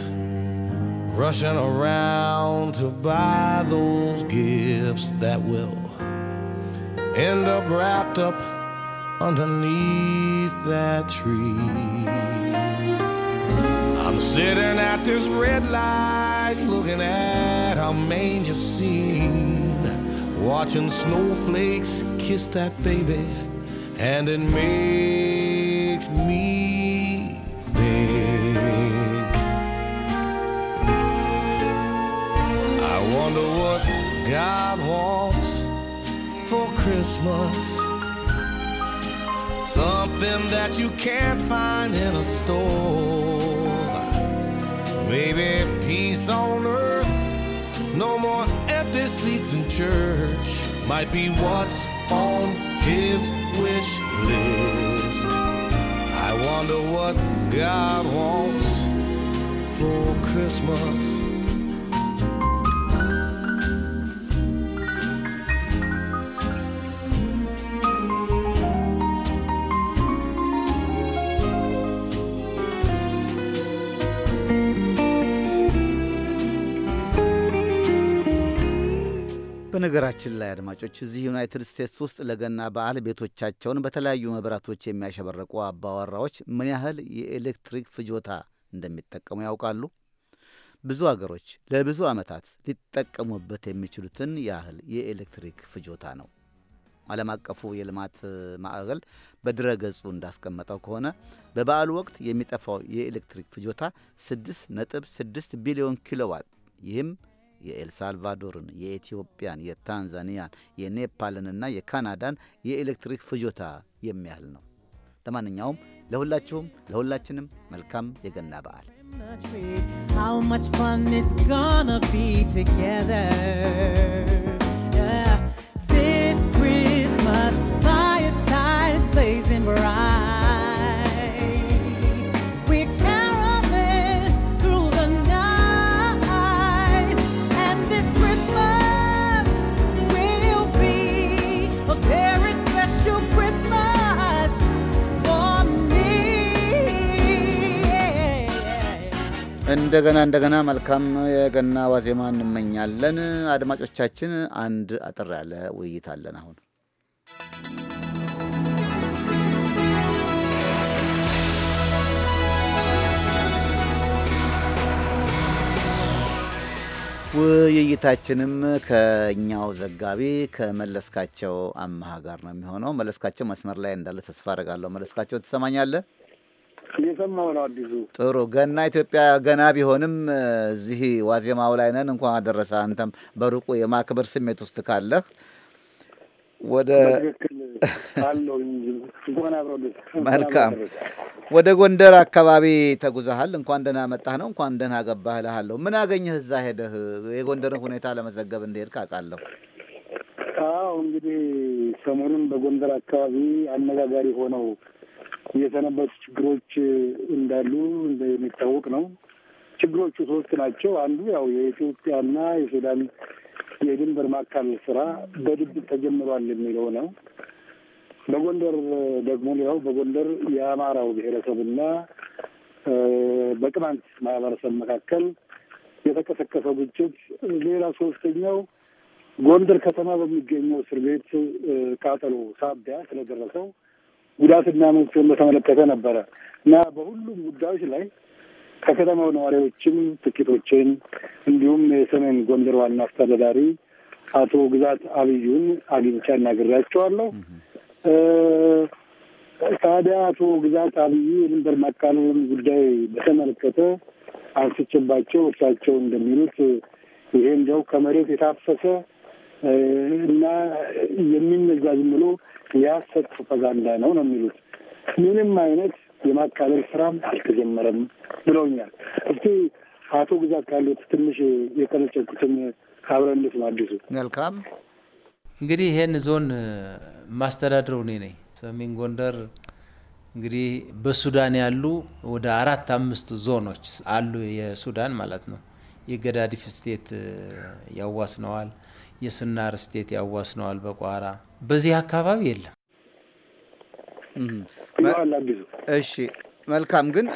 rushing around to buy those gifts that will end up wrapped up underneath that tree. I'm sitting at this red light looking at our manger scene, watching snowflakes kiss that baby, and it makes me think. wonder what God wants for Christmas. Something that you can't find in a store. Maybe peace on earth, no more empty seats in church. Might be what's on his wish list. I wonder what God wants for Christmas. በነገራችን ላይ አድማጮች እዚህ ዩናይትድ ስቴትስ ውስጥ ለገና በዓል ቤቶቻቸውን በተለያዩ መብራቶች የሚያሸበረቁ አባወራዎች ምን ያህል የኤሌክትሪክ ፍጆታ እንደሚጠቀሙ ያውቃሉ? ብዙ አገሮች ለብዙ ዓመታት ሊጠቀሙበት የሚችሉትን ያህል የኤሌክትሪክ ፍጆታ ነው። ዓለም አቀፉ የልማት ማዕከል በድረ ገጹ እንዳስቀመጠው ከሆነ በበዓሉ ወቅት የሚጠፋው የኤሌክትሪክ ፍጆታ 6 6 ቢሊዮን ኪሎዋት ይህም የኤልሳልቫዶርን፣ የኢትዮጵያን፣ የታንዛኒያን፣ የኔፓልንና የካናዳን የኤሌክትሪክ ፍጆታ የሚያህል ነው። ለማንኛውም ለሁላችሁም ለሁላችንም መልካም የገና በዓል። How This Christmas, blazing bright እንደገና እንደገና መልካም የገና ዋዜማ እንመኛለን። አድማጮቻችን አንድ አጠር ያለ ውይይት አለን አሁን ውይይታችንም ከእኛው ዘጋቢ ከመለስካቸው አመሃ ጋር ነው የሚሆነው። መለስካቸው መስመር ላይ እንዳለ ተስፋ አድርጋለሁ። መለስካቸው ትሰማኛለህ? እየሰማሁ ነው። አዲሱ ጥሩ ገና ኢትዮጵያ ገና ቢሆንም እዚህ ዋዜማው ላይ ነን። እንኳን አደረሰ። አንተም በሩቁ የማክበር ስሜት ውስጥ ካለህ ወደ [laughs] መልካም ወደ ጎንደር አካባቢ ተጉዛሃል። እንኳን ደህና መጣህ ነው እንኳን ደህና ገባህ እልሃለሁ። ምን አገኘህ እዛ ሄደህ? የጎንደርን ሁኔታ ለመዘገብ እንደሄድክ አውቃለሁ። አዎ እንግዲህ ሰሞኑን በጎንደር አካባቢ አነጋጋሪ ሆነው የሰነበቱ ችግሮች እንዳሉ የሚታወቅ ነው። ችግሮቹ ሶስት ናቸው። አንዱ ያው የኢትዮጵያና የሱዳን የድንበር ማካለል ስራ በድብቅ ተጀምሯል የሚለው ነው። በጎንደር ደግሞ ያው በጎንደር የአማራው ብሔረሰብና በቅማንት ማህበረሰብ መካከል የተቀሰቀሰው ግጭት፣ ሌላ ሶስተኛው ጎንደር ከተማ በሚገኘው እስር ቤት ቃጠሎ ሳቢያ ስለደረሰው ጉዳትና መፍትሄውን በተመለከተ ነበረ እና በሁሉም ጉዳዮች ላይ ከከተማው ነዋሪዎችም ጥቂቶችን እንዲሁም የሰሜን ጎንደር ዋና አስተዳዳሪ አቶ ግዛት አብዩን አግኝቼ አናግሬያቸዋለሁ። ታዲያ አቶ ግዛት አብዩ የድንበር ማቃለልን ጉዳይ በተመለከተ አንስቼባቸው እርሳቸው እንደሚሉት ይሄ እንዲያው ከመሬት የታፈሰ እና የሚነዛ ዝም ብሎ የሀሰት ፕሮፓጋንዳ ነው ነው የሚሉት ምንም አይነት የማቃለል ስራም አልተጀመረም ብለውኛል። እስቲ አቶ ግዛት ካሉት ትንሽ የቀለጨኩትን አብረን እንስማ። አዲሱ መልካም እንግዲህ ይሄን ዞን ማስተዳድረው እኔ ነኝ። ሰሜን ጎንደር እንግዲህ በሱዳን ያሉ ወደ አራት አምስት ዞኖች አሉ። የሱዳን ማለት ነው። የገዳዲፍ ስቴት ያዋስነዋል። የስናር ስቴት ያዋስነዋል በቋራ በዚህ አካባቢ የለም። እሺ መልካም። ግን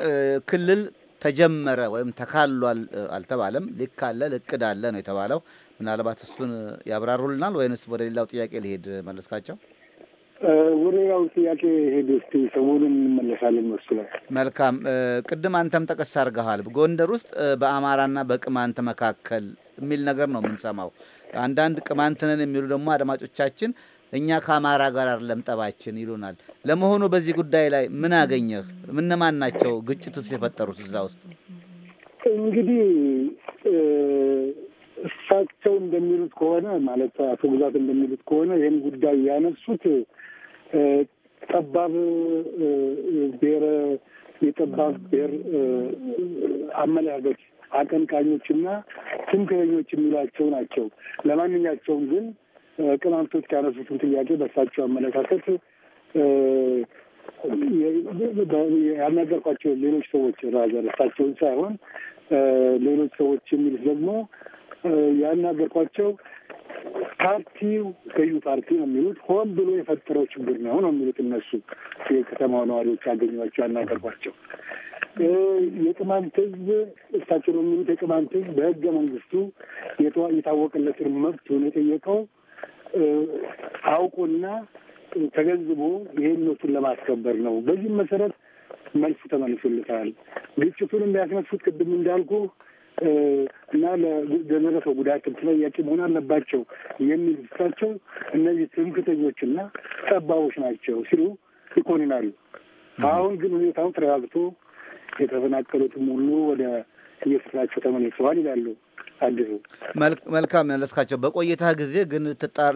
ክልል ተጀመረ ወይም ተካሏል አልተባለም። ሊካለል እቅድ አለ ነው የተባለው። ምናልባት እሱን ያብራሩልናል ወይንስ ወደ ሌላው ጥያቄ ሊሄድ መለስካቸው? ወደ ሌላው ጥያቄ ሄድ ስ ሰሞኑን እንመለሳለን መስላል። መልካም። ቅድም አንተም ጠቀስ አድርገሃል። ጎንደር ውስጥ በአማራና በቅማንት መካከል የሚል ነገር ነው የምንሰማው። አንዳንድ ቅማንትነን የሚሉ ደግሞ አድማጮቻችን እኛ ከአማራ ጋር አይደለም ጠባችን ይሉናል። ለመሆኑ በዚህ ጉዳይ ላይ ምን አገኘህ? እነማን ናቸው ግጭትስ የፈጠሩት እዛ ውስጥ? እንግዲህ እሳቸው እንደሚሉት ከሆነ ማለት አቶ ግዛት እንደሚሉት ከሆነ ይህን ጉዳይ ያነሱት ጠባብ ብሔር የጠባብ ብሔር አመለካከት አቀንቃኞችና ትምክህተኞች የሚሏቸው ናቸው። ለማንኛቸውም ግን ቅማንቶች ያነሱትን ጥያቄ በሳቸው አመለካከት ያናገርኳቸው ሌሎች ሰዎች ራዘር እሳቸውን ሳይሆን ሌሎች ሰዎች የሚሉት ደግሞ ያናገርኳቸው ፓርቲው ገዩ ፓርቲ ነው የሚሉት ሆን ብሎ የፈጠረው ችግር ነው ነው የሚሉት እነሱ የከተማው ነዋሪዎች ያገኟቸው ያናገርኳቸው የቅማንት ህዝብ እሳቸው ነው የሚሉት የቅማንት ህዝብ በህገ መንግስቱ የታወቀለትን መብት ሆነ የጠየቀው አውቆና ተገንዝቦ ይሄን መብቱን ለማስከበር ነው። በዚህም መሰረት መልሱ ተመልሶልታል። ግጭቱን የሚያስነሱት ቅድም እንዳልኩ እና ለደረሰው ጉዳትም ተጠያቂ መሆን አለባቸው የሚል እሳቸው እነዚህ ትምክተኞችና ጠባቦች ናቸው ሲሉ ይኮንናሉ። አሁን ግን ሁኔታው ተረጋግቶ የተፈናቀሉትም ሁሉ ወደ እየስራቸው ተመልሰዋል ይላሉ። አዲሱ መልካም መለስካቸው፣ በቆይታ ጊዜ ግን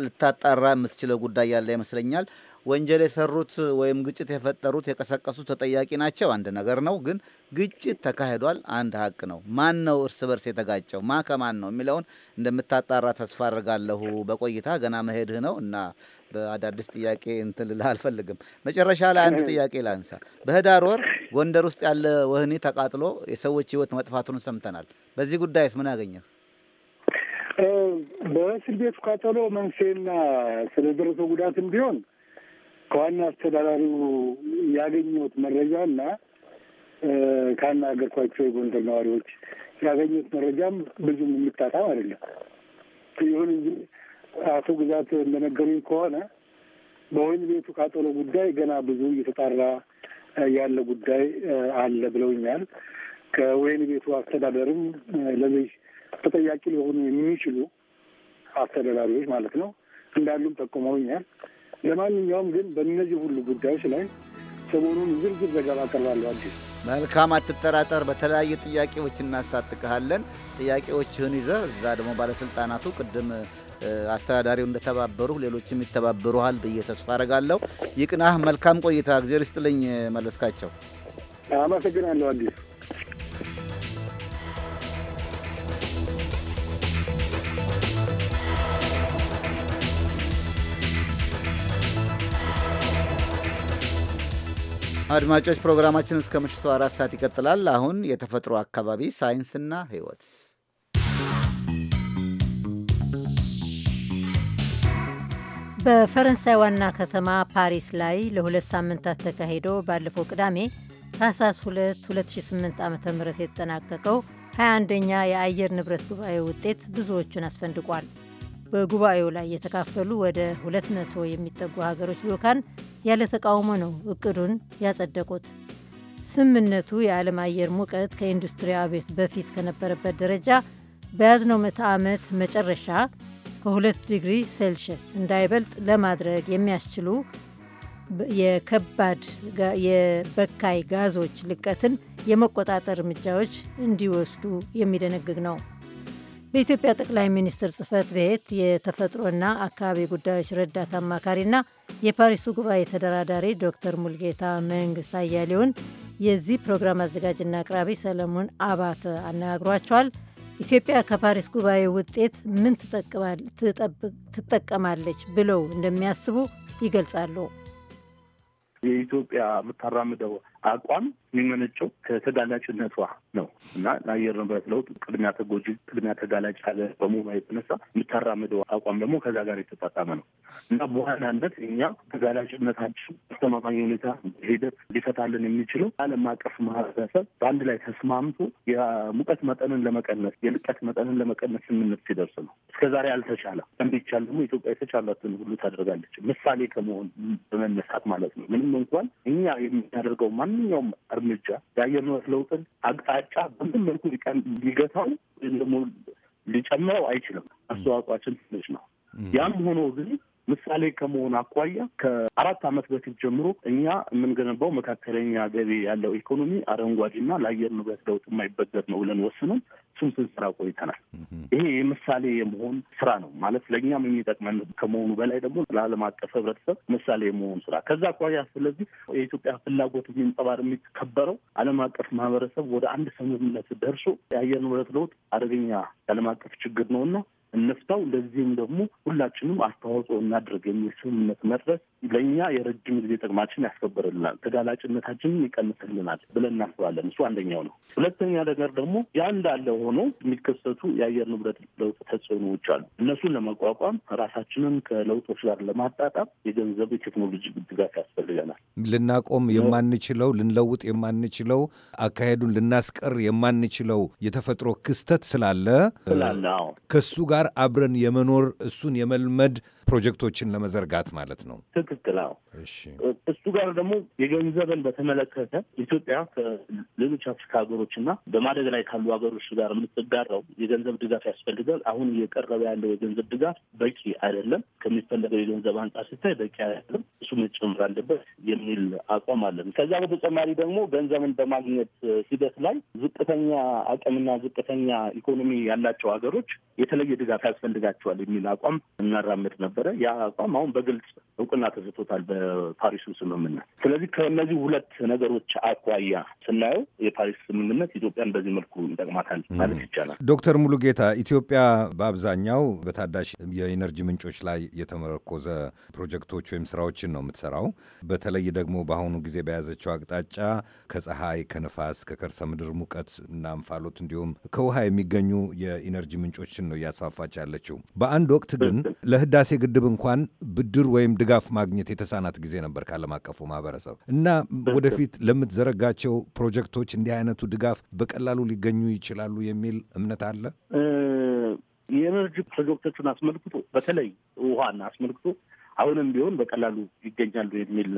ልታጣራ የምትችለው ጉዳይ ያለ ይመስለኛል። ወንጀል የሰሩት ወይም ግጭት የፈጠሩት የቀሰቀሱት ተጠያቂ ናቸው፣ አንድ ነገር ነው። ግን ግጭት ተካሂዷል፣ አንድ ሀቅ ነው። ማን ነው እርስ በርስ የተጋጨው? ማ ከማን ነው የሚለውን እንደምታጣራ ተስፋ አድርጋለሁ። በቆይታ ገና መሄድህ ነው እና በአዳዲስ ጥያቄ እንትን ልልህ አልፈልግም። መጨረሻ ላይ አንድ ጥያቄ ላንሳ። በህዳር ወር ጎንደር ውስጥ ያለ ወህኒ ተቃጥሎ የሰዎች ህይወት መጥፋቱን ሰምተናል። በዚህ ጉዳይስ ምን አገኘህ? በእስር ቤቱ ቃጠሎ መንስኤና ስለደረሰው ጉዳትም ቢሆን ከዋና አስተዳዳሪው ያገኘሁት መረጃ እና ካናገርኳቸው የጎንደር ነዋሪዎች ያገኘሁት መረጃም ብዙም የሚጣጣም አይደለም። ይሁን እንጂ አቶ ግዛት እንደነገሩኝ ከሆነ በወይን ቤቱ ቃጠሎ ጉዳይ ገና ብዙ እየተጣራ ያለ ጉዳይ አለ ብለውኛል። ከወይን ቤቱ አስተዳደርም ለዚህ ተጠያቂ ሊሆኑ የሚችሉ አስተዳዳሪዎች ማለት ነው እንዳሉም ጠቁመውኛል። ለማንኛውም ግን በእነዚህ ሁሉ ጉዳዮች ላይ ሰሞኑን ዝርዝር ዘገባ አቀርባለሁ። አዲስ መልካም፣ አትጠራጠር። በተለያየ ጥያቄዎች እናስታጥቅሃለን። ጥያቄዎችህን ይዘህ እዛ ደግሞ ባለስልጣናቱ ቅድም አስተዳዳሪው እንደተባበሩ ሌሎችም ይተባበሩሃል ብዬ ተስፋ አረጋለሁ። ይቅናህ። መልካም ቆይታ። እግዜር ይስጥልኝ መለስካቸው። አመሰግናለሁ አዲስ አድማጮች ፕሮግራማችን እስከ ምሽቱ አራት ሰዓት ይቀጥላል። አሁን የተፈጥሮ አካባቢ ሳይንስና ሕይወት በፈረንሳይ ዋና ከተማ ፓሪስ ላይ ለሁለት ሳምንታት ተካሂዶ ባለፈው ቅዳሜ ታህሳስ 2 2008 ዓ ም የተጠናቀቀው 21ኛ የአየር ንብረት ጉባኤ ውጤት ብዙዎቹን አስፈንድቋል። በጉባኤው ላይ የተካፈሉ ወደ ሁለት መቶ የሚጠጉ ሀገሮች ዶካን ያለ ተቃውሞ ነው እቅዱን ያጸደቁት። ስምምነቱ የዓለም አየር ሙቀት ከኢንዱስትሪ አቤት በፊት ከነበረበት ደረጃ በያዝነው ምዕተ ዓመት መጨረሻ ከሁለት ዲግሪ ሴልሽስ እንዳይበልጥ ለማድረግ የሚያስችሉ የከባድ የበካይ ጋዞች ልቀትን የመቆጣጠር እርምጃዎች እንዲወስዱ የሚደነግግ ነው። በኢትዮጵያ ጠቅላይ ሚኒስትር ጽህፈት ቤት የተፈጥሮና አካባቢ ጉዳዮች ረዳት አማካሪና የፓሪሱ ጉባኤ ተደራዳሪ ዶክተር ሙልጌታ መንግስት አያሌውን የዚህ ፕሮግራም አዘጋጅና አቅራቢ ሰለሞን አባተ አነጋግሯቸዋል። ኢትዮጵያ ከፓሪስ ጉባኤ ውጤት ምን ትጠቀማለች ብለው እንደሚያስቡ ይገልጻሉ። የኢትዮጵያ የምታራምደው አቋም የሚመነጨው ከተጋላጭነቷ ነው እና ለአየር ንብረት ለውጥ ቅድሚያ ተጎጂ ቅድሚያ ተጋላጭ ያለ በመሆኗ የተነሳ የምታራምደው አቋም ደግሞ ከዛ ጋር የተጣጣመ ነው እና በዋናነት እኛ ተጋላጭነታችን አስተማማኝ ሁኔታ ሂደት ሊፈታልን የሚችለው ዓለም አቀፍ ማህበረሰብ በአንድ ላይ ተስማምቶ የሙቀት መጠንን ለመቀነስ የልቀት መጠንን ለመቀነስ ስምምነት ሲደርስ ነው። እስከዛሬ አልተቻለ። እንዲቻል ደግሞ ኢትዮጵያ የተቻላትን ሁሉ ታደርጋለች። ምሳሌ ከመሆን በመነሳት ማለት ነው። ምንም እንኳን እኛ የምናደርገው ማን ማንኛውም እርምጃ የአየር ንብረት ለውጥን አቅጣጫ በምን መልኩ ሊገታው ወይም ደግሞ ሊጨምረው አይችልም። አስተዋጽኦአችን ትንሽ ነው። ያም ሆኖ ግን ምሳሌ ከመሆን አኳያ ከአራት ዓመት በፊት ጀምሮ እኛ የምንገነባው መካከለኛ ገቢ ያለው ኢኮኖሚ አረንጓዴና ለአየር ንብረት ለውጥ የማይበገር ነው ብለን ወስነን እሱም ስንሰራ ቆይተናል። ይሄ የምሳሌ የመሆን ስራ ነው ማለት ለእኛም የሚጠቅመን ከመሆኑ በላይ ደግሞ ለዓለም አቀፍ ህብረተሰብ ምሳሌ የመሆን ስራ ከዛ አኳያ ስለዚህ የኢትዮጵያ ፍላጎት የሚንጸባር የሚከበረው ዓለም አቀፍ ማህበረሰብ ወደ አንድ ስምምነት ደርሶ የአየር ንብረት ለውጥ አደገኛ የዓለም አቀፍ ችግር ነውና እንፍታው፣ ለዚህም ደግሞ ሁላችንም አስተዋጽኦ እናድርግ የሚል ስምምነት መድረስ ለእኛ የረጅም ጊዜ ጥቅማችን ያስከብርልናል፣ ተጋላጭነታችንን ይቀንስልናል ብለን እናስባለን። እሱ አንደኛው ነው። ሁለተኛ ነገር ደግሞ ያ እንዳለ ሆኖ የሚከሰቱ የአየር ንብረት ለውጥ ተጽዕኖዎች አሉ። እነሱን ለመቋቋም ራሳችንን ከለውጦች ጋር ለማጣጣም የገንዘብ የቴክኖሎጂ ድጋፍ ያስፈልገናል። ልናቆም የማንችለው ልንለውጥ የማንችለው አካሄዱን ልናስቀር የማንችለው የተፈጥሮ ክስተት ስላለ ስላለ ከሱ ጋር ጋር አብረን የመኖር እሱን የመልመድ ፕሮጀክቶችን ለመዘርጋት ማለት ነው። ትክክል። አዎ። እሱ ጋር ደግሞ የገንዘብን በተመለከተ ኢትዮጵያ ከሌሎች አፍሪካ ሀገሮች እና በማደግ ላይ ካሉ ሀገሮች ጋር የምትጋራው የገንዘብ ድጋፍ ያስፈልጋል። አሁን እየቀረበ ያለው የገንዘብ ድጋፍ በቂ አይደለም። ከሚፈለገው የገንዘብ አንጻር ሲታይ በቂ አይደለም። እሱ መጨመር አለበት የሚል አቋም አለን። ከዛ በተጨማሪ ደግሞ ገንዘብን በማግኘት ሂደት ላይ ዝቅተኛ አቅምና ዝቅተኛ ኢኮኖሚ ያላቸው ሀገሮች የተለየ ድጋፍ መረጋጋት ያስፈልጋቸዋል የሚል አቋም እናራምድ ነበረ። ያ አቋም አሁን በግልጽ እውቅና ተሰጥቶታል በፓሪሱ ስምምነት። ስለዚህ ከእነዚህ ሁለት ነገሮች አኳያ ስናየው የፓሪስ ስምምነት ኢትዮጵያን በዚህ መልኩ ይጠቅማታል ማለት ይቻላል። ዶክተር ሙሉጌታ ኢትዮጵያ በአብዛኛው በታዳሽ የኢነርጂ ምንጮች ላይ የተመረኮዘ ፕሮጀክቶች ወይም ስራዎችን ነው የምትሰራው። በተለይ ደግሞ በአሁኑ ጊዜ በያዘችው አቅጣጫ ከፀሐይ፣ ከንፋስ፣ ከከርሰ ምድር ሙቀት እና እንፋሎት እንዲሁም ከውሃ የሚገኙ የኢነርጂ ምንጮችን ነው እያስፋፋ እያስፋፋች ያለችው። በአንድ ወቅት ግን ለህዳሴ ግድብ እንኳን ብድር ወይም ድጋፍ ማግኘት የተሳናት ጊዜ ነበር ከዓለም አቀፉ ማህበረሰብ እና ወደፊት ለምትዘረጋቸው ፕሮጀክቶች እንዲህ አይነቱ ድጋፍ በቀላሉ ሊገኙ ይችላሉ የሚል እምነት አለ። የኤነርጂ ፕሮጀክቶቹን አስመልክቶ በተለይ ውሃን አስመልክቶ አሁንም ቢሆን በቀላሉ ይገኛሉ የሚል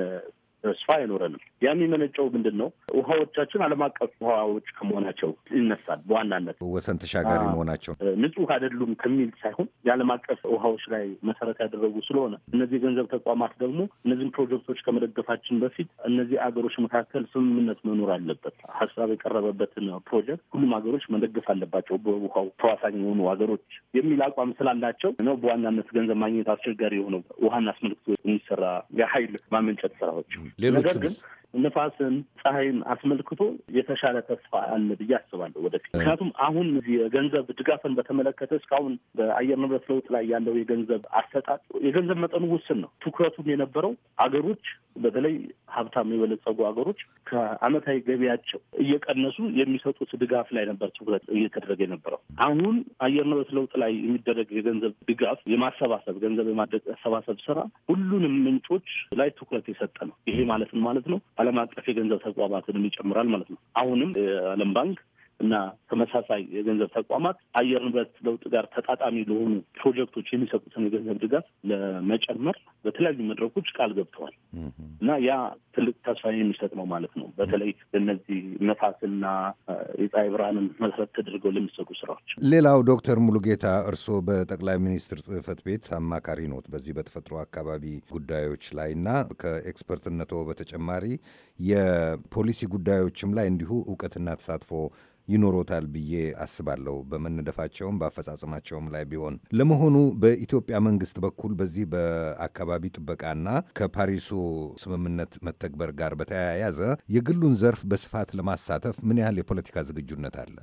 ተስፋ አይኖረንም። ያ የሚመነጨው ምንድን ነው? ውሃዎቻችን ዓለም አቀፍ ውሃዎች ከመሆናቸው ይነሳል። በዋናነት ወሰን ተሻጋሪ መሆናቸው ንጹህ አይደሉም ከሚል ሳይሆን የዓለም አቀፍ ውሃዎች ላይ መሰረት ያደረጉ ስለሆነ እነዚህ የገንዘብ ተቋማት ደግሞ እነዚህን ፕሮጀክቶች ከመደገፋችን በፊት እነዚህ አገሮች መካከል ስምምነት መኖር አለበት። ሀሳብ የቀረበበትን ፕሮጀክት ሁሉም ሀገሮች መደገፍ አለባቸው፣ በውሃው ተዋሳኝ የሆኑ ሀገሮች የሚል አቋም ስላላቸው ነው። በዋናነት ገንዘብ ማግኘት አስቸጋሪ የሆነው ውሃን አስመልክቶ የሚሰራ የሀይል ማመንጨት ስራዎች Leroy ንፋስን፣ ፀሐይን አስመልክቶ የተሻለ ተስፋ አለ ብዬ አስባለሁ ወደፊት። ምክንያቱም አሁን የገንዘብ ድጋፍን በተመለከተ እስካሁን በአየር ንብረት ለውጥ ላይ ያለው የገንዘብ አሰጣጥ የገንዘብ መጠኑ ውስን ነው። ትኩረቱም የነበረው አገሮች በተለይ ሀብታም የበለጸጉ ሀገሮች ከአመታዊ ገቢያቸው እየቀነሱ የሚሰጡት ድጋፍ ላይ ነበር ትኩረት እየተደረገ የነበረው። አሁን አየር ንብረት ለውጥ ላይ የሚደረግ የገንዘብ ድጋፍ የማሰባሰብ ገንዘብ የማሰባሰብ ስራ ሁሉንም ምንጮች ላይ ትኩረት የሰጠ ነው። ይሄ ማለት ማለት ነው ዓለም አቀፍ የገንዘብ ተቋማትንም ይጨምራል ማለት ነው። አሁንም የዓለም ባንክ እና ተመሳሳይ የገንዘብ ተቋማት አየር ንብረት ለውጥ ጋር ተጣጣሚ ለሆኑ ፕሮጀክቶች የሚሰጡትን የገንዘብ ድጋፍ ለመጨመር በተለያዩ መድረኮች ቃል ገብተዋል እና ያ ትልቅ ተስፋ የሚሰጥ ነው ማለት ነው። በተለይ እነዚህ ነፋስና የፀሐይ ብርሃንን መሰረት ተደርገው ለሚሰጡ ስራዎች። ሌላው ዶክተር ሙሉጌታ እርስዎ በጠቅላይ ሚኒስትር ጽህፈት ቤት አማካሪ ኖት በዚህ በተፈጥሮ አካባቢ ጉዳዮች ላይ እና ከኤክስፐርትነቶ በተጨማሪ የፖሊሲ ጉዳዮችም ላይ እንዲሁ እውቀትና ተሳትፎ ይኖሮታል ብዬ አስባለሁ። በመነደፋቸውም በአፈጻጸማቸውም ላይ ቢሆን ለመሆኑ በኢትዮጵያ መንግስት በኩል በዚህ በአካባቢ ጥበቃና ከፓሪሱ ስምምነት መተግበር ጋር በተያያዘ የግሉን ዘርፍ በስፋት ለማሳተፍ ምን ያህል የፖለቲካ ዝግጁነት አለ?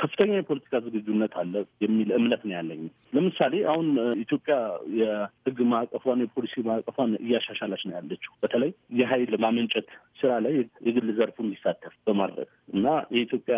ከፍተኛ የፖለቲካ ዝግጁነት አለ የሚል እምነት ነው ያለኝ። ለምሳሌ አሁን ኢትዮጵያ የህግ ማዕቀፏን የፖሊሲ ማዕቀፏን እያሻሻላች ነው ያለችው። በተለይ የሀይል ማመንጨት ስራ ላይ የግል ዘርፉ እንዲሳተፍ በማድረግ እና የኢትዮጵያ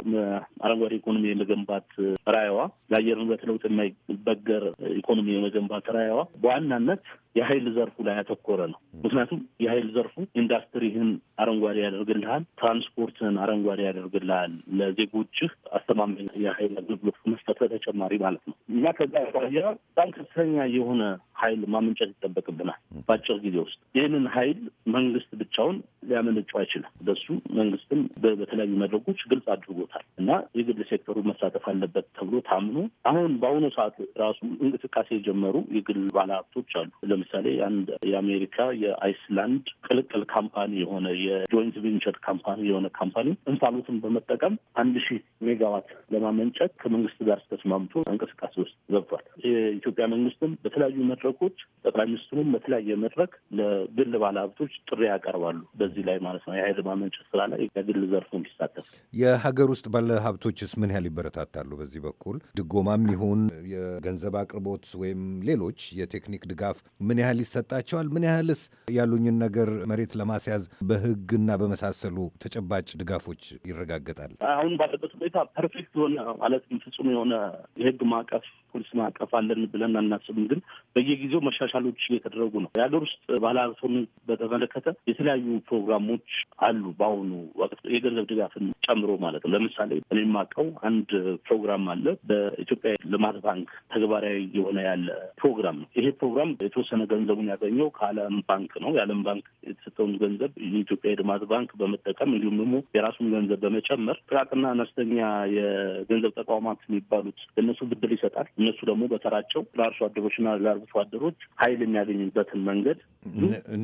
አረንጓዴ ኢኮኖሚ የመገንባት ራዕይዋ ለአየር ንብረት ለውጥ የማይበገር ኢኮኖሚ የመገንባት ራዕይዋ በዋናነት የሀይል ዘርፉ ላይ ያተኮረ ነው። ምክንያቱም የሀይል ዘርፉ ኢንዱስትሪህን አረንጓዴ ያደርግልሃል፣ ትራንስፖርትን አረንጓዴ ያደርግልሃል ለዜጎችህ አስተማማኝ የሀይል አገልግሎት መስጠት በተጨማሪ ማለት ነው እና ከዛ ያኳያ በጣም ከፍተኛ የሆነ ሀይል ማመንጨት ይጠበቅብናል በአጭር ጊዜ ውስጥ። ይህንን ሀይል መንግስት ብቻውን ሊያመነጩ አይችልም። በሱ መንግስትም በተለያዩ መድረኮች ግልጽ አድርጎታል እና የግል ሴክተሩ መሳተፍ አለበት ተብሎ ታምኖ አሁን በአሁኑ ሰዓት ራሱ እንቅስቃሴ የጀመሩ የግል ባለሀብቶች አሉ። ለምሳሌ አንድ የአሜሪካ የአይስላንድ ቅልቅል ካምፓኒ የሆነ የጆይንት ቬንቸር ካምፓኒ የሆነ ካምፓኒ እንፋሎትን በመጠቀም አንድ ሺህ ሜጋዋት ለማመንጨት ከመንግስት ጋር ተስማምቶ እንቅስቃሴ ውስጥ ገብቷል። የኢትዮጵያ መንግስትም በተለያዩ መድረኮች ጠቅላይ ሚኒስትሩም በተለያየ መድረክ ለግል ባለሀብቶች ጥሪ ያቀርባሉ። በዚህ ላይ ማለት ነው የሀይል ማመንጨት ስራ ላይ የግል ዘርፉ እንዲሳተፍ። የሀገር ውስጥ ባለሀብቶችስ ምን ያህል ይበረታታሉ? በዚህ በኩል ድጎማም ይሁን የገንዘብ አቅርቦት ወይም ሌሎች የቴክኒክ ድጋፍ ምን ያህል ይሰጣቸዋል? ምን ያህልስ ያሉኝን ነገር መሬት ለማስያዝ በህግና በመሳሰሉ ተጨባጭ ድጋፎች ይረጋገጣል? አሁን አሁን ባለበት ሁኔታ ፐርፌክት የሆነ ማለትም ፍጹም የሆነ የህግ ማዕቀፍ ፖሊስ ማዕቀፍ አለን ብለን አናስብም። ግን በየጊዜው መሻሻሎች እየተደረጉ ነው። የሀገር ውስጥ ባለሀብቱን በተመለከተ የተለያዩ ፕሮግራሞች አሉ። በአሁኑ ወቅት የገንዘብ ድጋፍን ጨምሮ ማለት ነው። ለምሳሌ እኔ የማውቀው አንድ ፕሮግራም አለ። በኢትዮጵያ ልማት ባንክ ተግባራዊ የሆነ ያለ ፕሮግራም ነው። ይሄ ፕሮግራም የተወሰነ ገንዘቡን ያገኘው ከዓለም ባንክ ነው። የዓለም ባንክ የተሰጠውን ገንዘብ የኢትዮጵያ ልማት ባንክ በመጠቀም እንዲሁም ደግሞ የራሱን ገንዘብ በመጨመር ጥቃቅንና ጥቃቅንና አነስተኛ የገንዘብ ተቋማት የሚባሉት እነሱ ብድር ይሰጣል። እነሱ ደግሞ በተራቸው ለአርሶ አደሮችና ለአርብቶ አደሮች ኃይል የሚያገኙበትን መንገድ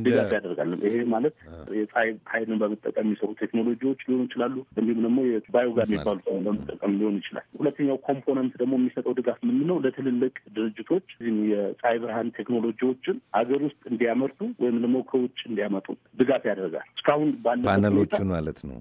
ድጋፍ ያደርጋል። ይሄ ማለት የፀሐይ ኃይልን በመጠቀም የሚሰሩ ቴክኖሎጂዎች ሊሆኑ ይችላሉ። እንዲሁም ደግሞ የባዮጋ የሚባሉ በመጠቀም ሊሆን ይችላል። ሁለተኛው ኮምፖነንት ደግሞ የሚሰጠው ድጋፍ ምንድነው? ለትልልቅ ድርጅቶች የፀሐይ ብርሃን ቴክኖሎጂዎችን አገር ውስጥ እንዲያመርቱ ወይም ደግሞ ከውጭ እንዲያመጡ ድጋፍ ያደርጋል። እስካሁን ባለበት ፓነሎቹን ማለት ነው።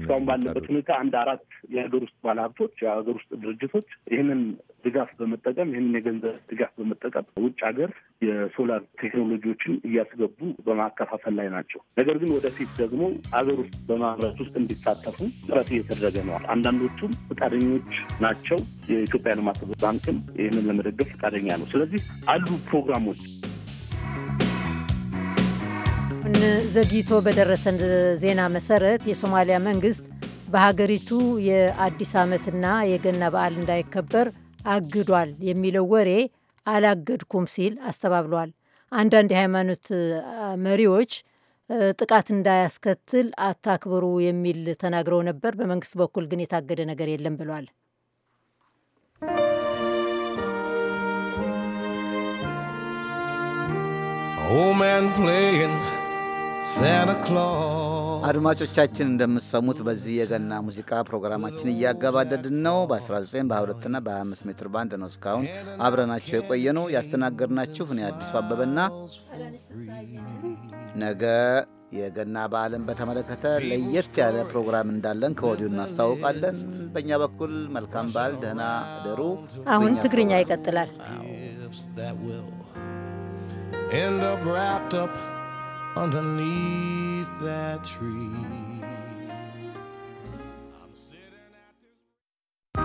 እስካሁን ባለበት ሁኔታ አንድ አራት አካላት የሀገር ውስጥ ባለሀብቶች፣ የሀገር ውስጥ ድርጅቶች ይህንን ድጋፍ በመጠቀም ይህንን የገንዘብ ድጋፍ በመጠቀም ውጭ ሀገር የሶላር ቴክኖሎጂዎችን እያስገቡ በማከፋፈል ላይ ናቸው። ነገር ግን ወደፊት ደግሞ አገር ውስጥ በማምረት ውስጥ እንዲሳተፉ ጥረት እየተደረገ ነዋል። አንዳንዶቹም ፈቃደኞች ናቸው። የኢትዮጵያ ልማት ባንክም ይህንን ለመደገፍ ፈቃደኛ ነው። ስለዚህ አሉ ፕሮግራሞች ዘግይቶ በደረሰን ዜና መሰረት የሶማሊያ መንግስት በሀገሪቱ የአዲስ ዓመትና የገና በዓል እንዳይከበር አግዷል የሚለው ወሬ አላገድኩም ሲል አስተባብሏል። አንዳንድ የሃይማኖት መሪዎች ጥቃት እንዳያስከትል አታክብሩ የሚል ተናግረው ነበር። በመንግስት በኩል ግን የታገደ ነገር የለም ብሏል። Old man playing አድማጮቻችን እንደምትሰሙት በዚህ የገና ሙዚቃ ፕሮግራማችን እያገባደድን ነው። በ19 በ22ና በ25 ሜትር ባንድ ነው እስካሁን አብረናቸው የቆየ ነው። ያስተናገድናችሁ እኔ አዲሱ አበበና ነገ የገና በዓልን በተመለከተ ለየት ያለ ፕሮግራም እንዳለን ከወዲሁ እናስታውቃለን። በእኛ በኩል መልካም በዓል፣ ደህና ደሩ። አሁን ትግርኛ ይቀጥላል። underneath that tree.